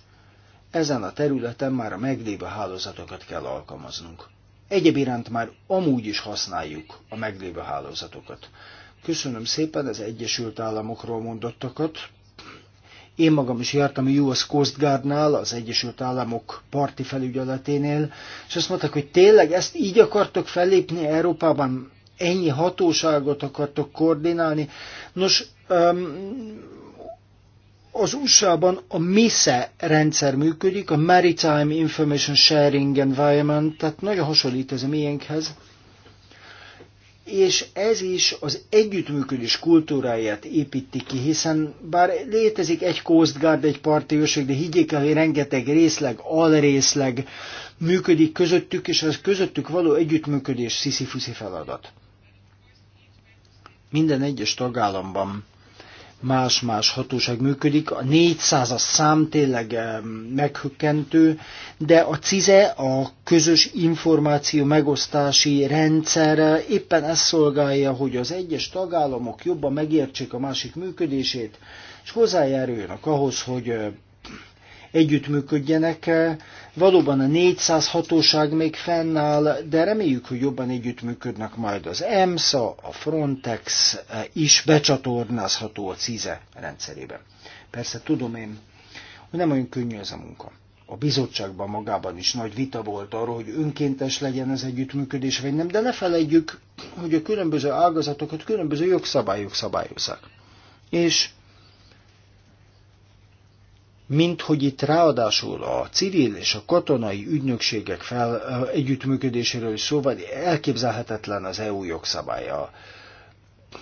ezen a területen már a meglévő hálózatokat kell alkalmaznunk. Egyéb iránt már amúgy is használjuk a meglévő hálózatokat. Köszönöm szépen az Egyesült Államokról mondottakat, én magam is jártam a US Coast Guardnál, az Egyesült Államok parti felügyeleténél, és azt mondták, hogy tényleg ezt így akartok fellépni Európában, ennyi hatóságot akartok koordinálni. Nos, um, az USA-ban a MISE rendszer működik, a Maritime Information Sharing Environment, tehát nagyon hasonlít ez a miénkhez és ez is az együttműködés kultúráját építi ki, hiszen bár létezik egy Coast Guard, egy parti őrség, de higgyék el, hogy rengeteg részleg, alrészleg működik közöttük, és az közöttük való együttműködés sziszifuszi feladat. Minden egyes tagállamban más-más hatóság működik. A 400 as szám tényleg meghökkentő, de a CIZE, a közös információ megosztási rendszer éppen ezt szolgálja, hogy az egyes tagállamok jobban megértsék a másik működését, és hozzájáruljanak ahhoz, hogy együttműködjenek. Eh, valóban a 400 hatóság még fennáll, de reméljük, hogy jobban együttműködnek majd az EMSA, a Frontex eh, is becsatornázható a CIZE rendszerében. Persze tudom én, hogy nem olyan könnyű ez a munka. A bizottságban magában is nagy vita volt arról, hogy önkéntes legyen az együttműködés, vagy nem, de ne felejtjük, hogy a különböző ágazatokat különböző jogszabályok szabályozzák. És mint hogy itt ráadásul a civil és a katonai ügynökségek fel, együttműködéséről is szó van, elképzelhetetlen az EU jogszabálya.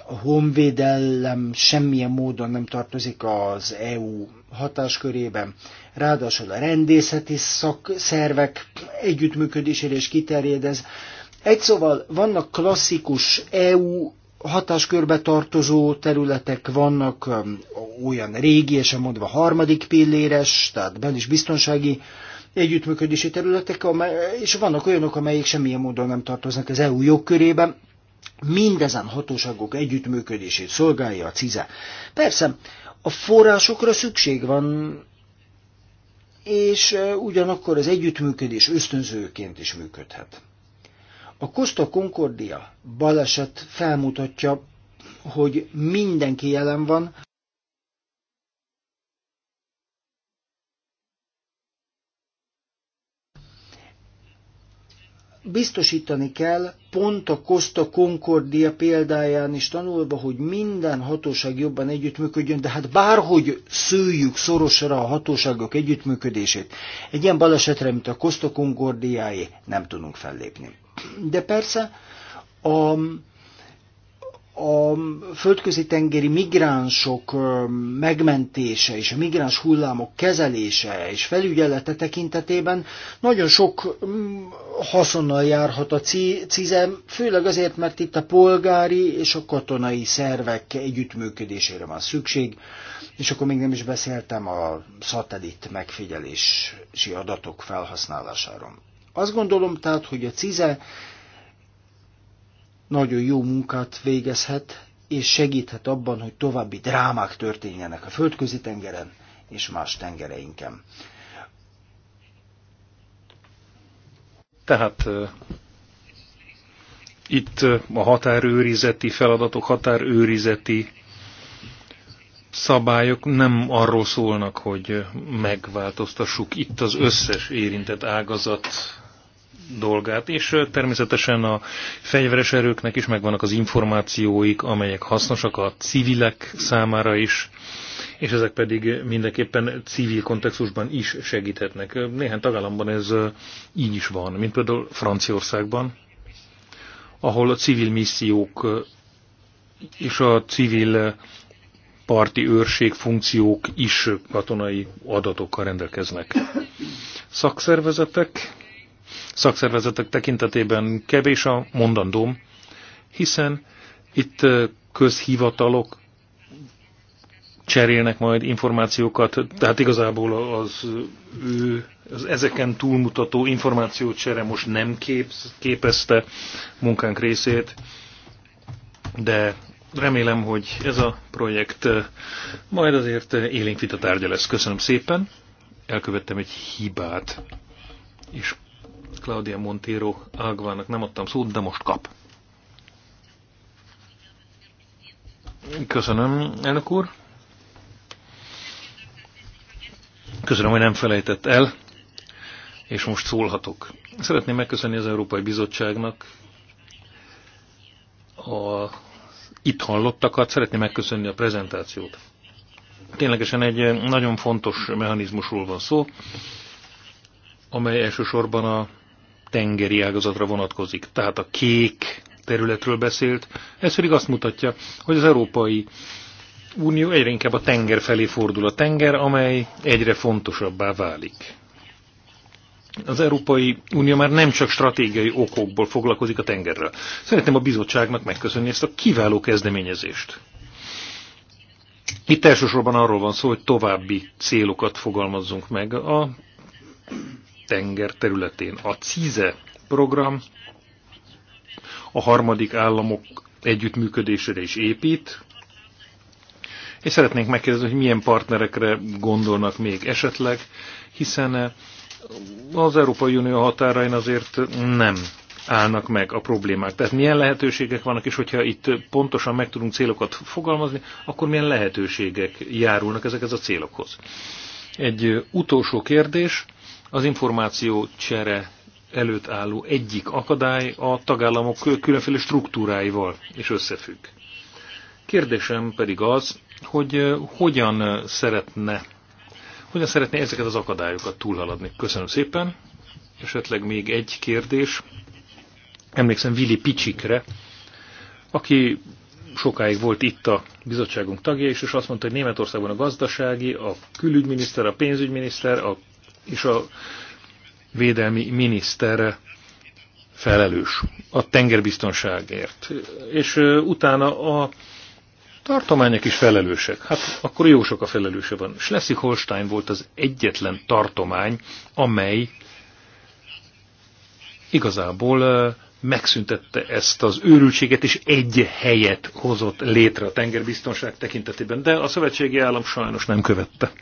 A honvédelem semmilyen módon nem tartozik az EU hatáskörében. Ráadásul a rendészeti szakszervek együttműködésére is kiterjed ez. Egy szóval vannak klasszikus EU hatáskörbe tartozó területek vannak, um, olyan régi, és mondva harmadik pilléres, tehát benne is biztonsági együttműködési területek, és vannak olyanok, amelyek semmilyen módon nem tartoznak az EU jogkörében. Mindezen hatóságok együttműködését szolgálja a CIZE. Persze, a forrásokra szükség van, és uh, ugyanakkor az együttműködés ösztönzőként is működhet. A Costa Concordia baleset felmutatja, hogy mindenki jelen van, biztosítani kell, pont a Costa Concordia példáján is tanulva, hogy minden hatóság jobban együttműködjön, de hát bárhogy szőjük szorosra a hatóságok együttműködését, egy ilyen balesetre, mint a Costa Concordiai, nem tudunk fellépni. De persze a, a földközi tengeri migránsok megmentése és a migráns hullámok kezelése és felügyelete tekintetében nagyon sok mm, haszonnal járhat a CIZE, főleg azért, mert itt a polgári és a katonai szervek együttműködésére van szükség, és akkor még nem is beszéltem a szatellit megfigyelési adatok felhasználásáról. Azt gondolom tehát, hogy a CIZE nagyon jó munkát végezhet, és segíthet abban, hogy további drámák történjenek a földközi tengeren és más tengereinken. Tehát itt a határőrizeti feladatok, határőrizeti szabályok nem arról szólnak, hogy megváltoztassuk itt az összes érintett ágazat dolgát, és természetesen a fegyveres erőknek is megvannak az információik, amelyek hasznosak a civilek számára is, és ezek pedig mindenképpen civil kontextusban is segíthetnek. Néhány tagállamban ez így is van, mint például Franciaországban, ahol a civil missziók és a civil parti őrség funkciók is katonai adatokkal rendelkeznek. Szakszervezetek szakszervezetek tekintetében kevés a mondandóm, hiszen itt közhivatalok cserélnek majd információkat, tehát igazából az, ő, az ezeken túlmutató információcsere most nem képz, képezte munkánk részét, de remélem, hogy ez a projekt majd azért élénk vita tárgya lesz. Köszönöm szépen, elkövettem egy hibát, és Claudia Montero Ágvának nem adtam szót, de most kap. Köszönöm, elnök úr. Köszönöm, hogy nem felejtett el, és most szólhatok. Szeretném megköszönni az Európai Bizottságnak a itt hallottakat, szeretném megköszönni a prezentációt. Ténylegesen egy nagyon fontos mechanizmusról van szó, amely elsősorban a tengeri ágazatra vonatkozik. Tehát a kék területről beszélt. Ez pedig azt mutatja, hogy az Európai Unió egyre inkább a tenger felé fordul a tenger, amely egyre fontosabbá válik. Az Európai Unió már nem csak stratégiai okokból foglalkozik a tengerrel. Szeretném a bizottságnak megköszönni ezt a kiváló kezdeményezést. Itt elsősorban arról van szó, hogy további célokat fogalmazzunk meg a tenger területén. A CIZE program a harmadik államok együttműködésére is épít, és szeretnénk megkérdezni, hogy milyen partnerekre gondolnak még esetleg, hiszen az Európai Unió határain azért nem állnak meg a problémák. Tehát milyen lehetőségek vannak, és hogyha itt pontosan meg tudunk célokat fogalmazni, akkor milyen lehetőségek járulnak ezekhez a célokhoz. Egy utolsó kérdés, az információ csere előtt álló egyik akadály a tagállamok különféle struktúráival és összefügg. Kérdésem pedig az, hogy hogyan szeretne, hogyan szeretné ezeket az akadályokat túlhaladni. Köszönöm szépen. Esetleg még egy kérdés. Emlékszem Vili Picsikre, aki sokáig volt itt a bizottságunk tagja, és, és azt mondta, hogy Németországban a gazdasági, a külügyminiszter, a pénzügyminiszter, a és a védelmi miniszterre felelős a tengerbiztonságért. És utána a tartományok is felelősek. Hát akkor jó sok a felelőse van. Schleswig-Holstein volt az egyetlen tartomány, amely igazából megszüntette ezt az őrültséget, és egy helyet hozott létre a tengerbiztonság tekintetében, de a szövetségi állam sajnos nem követte.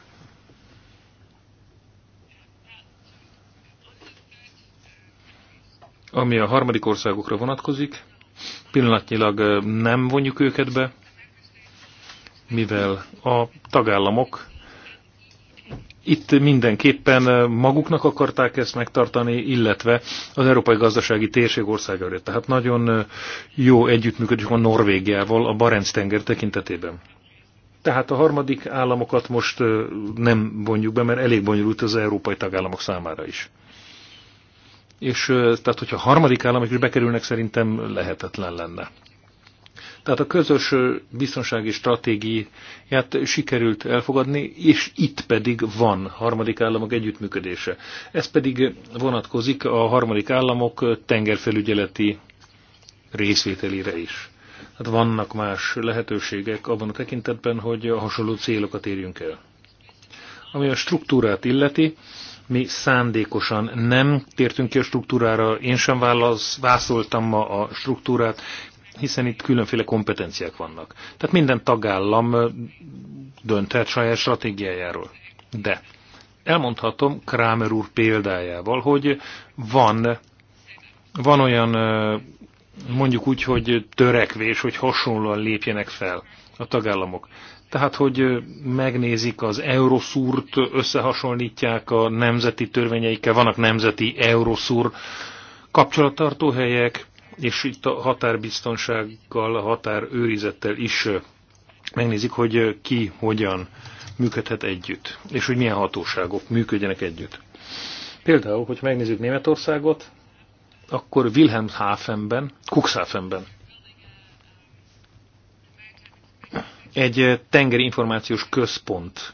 Ami a harmadik országokra vonatkozik, pillanatnyilag nem vonjuk őket be, mivel a tagállamok itt mindenképpen maguknak akarták ezt megtartani, illetve az Európai Gazdasági Térség országára. Tehát nagyon jó együttműködés a Norvégiával a Barenc-tenger tekintetében. Tehát a harmadik államokat most nem vonjuk be, mert elég bonyolult az európai tagállamok számára is és tehát hogyha harmadik államok is bekerülnek, szerintem lehetetlen lenne. Tehát a közös biztonsági stratégiát sikerült elfogadni, és itt pedig van harmadik államok együttműködése. Ez pedig vonatkozik a harmadik államok tengerfelügyeleti részvételére is. Hát vannak más lehetőségek abban a tekintetben, hogy a hasonló célokat érjünk el. Ami a struktúrát illeti, mi szándékosan nem tértünk ki a struktúrára, én sem válasz, vászoltam ma a struktúrát, hiszen itt különféle kompetenciák vannak. Tehát minden tagállam dönthet saját stratégiájáról. De elmondhatom Kramer úr példájával, hogy van, van olyan mondjuk úgy, hogy törekvés, hogy hasonlóan lépjenek fel a tagállamok. Tehát, hogy megnézik az Euroszúrt, összehasonlítják a nemzeti törvényeikkel, vannak nemzeti Euroszúr kapcsolattartóhelyek, és itt a határbiztonsággal, a határőrizettel is megnézik, hogy ki hogyan működhet együtt, és hogy milyen hatóságok működjenek együtt. Például, hogy megnézzük Németországot, akkor Wilhelmshafenben, Cuxhavenben egy tengeri információs központ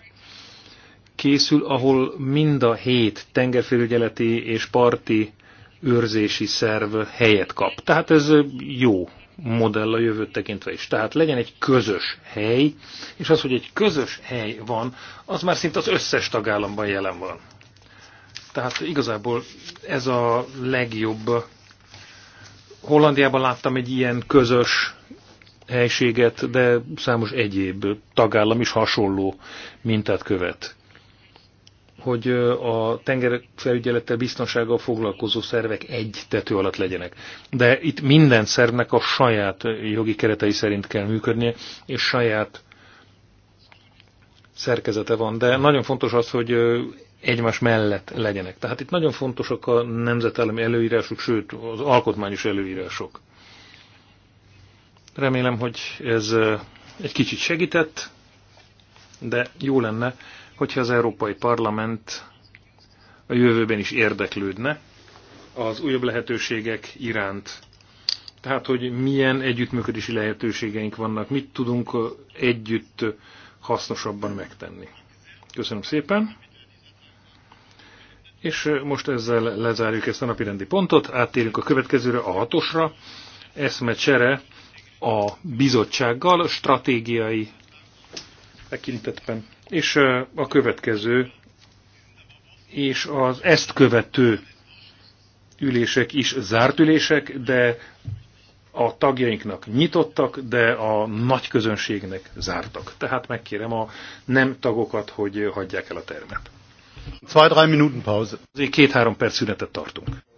készül, ahol mind a hét tengerfelügyeleti és parti őrzési szerv helyet kap. Tehát ez jó modell a jövőt tekintve is. Tehát legyen egy közös hely, és az, hogy egy közös hely van, az már szinte az összes tagállamban jelen van. Tehát igazából ez a legjobb. Hollandiában láttam egy ilyen közös helységet, de számos egyéb tagállam is hasonló mintát követ. Hogy a tengerfelügyelettel biztonsággal foglalkozó szervek egy tető alatt legyenek. De itt minden szervnek a saját jogi keretei szerint kell működnie, és saját szerkezete van. De nagyon fontos az, hogy egymás mellett legyenek. Tehát itt nagyon fontosak a nemzetállami előírások, sőt az alkotmányos előírások. Remélem, hogy ez egy kicsit segített, de jó lenne, hogyha az Európai Parlament a jövőben is érdeklődne az újabb lehetőségek iránt. Tehát, hogy milyen együttműködési lehetőségeink vannak, mit tudunk együtt hasznosabban megtenni. Köszönöm szépen! És most ezzel lezárjuk ezt a rendi pontot, áttérünk a következőre, a hatosra, eszmecsere a bizottsággal a stratégiai tekintetben. És a következő és az ezt követő ülések is zárt ülések, de a tagjainknak nyitottak, de a nagy közönségnek zártak. Tehát megkérem a nem tagokat, hogy hagyják el a termet. 2-3 minuten pause. Két-három perc szünetet tartunk.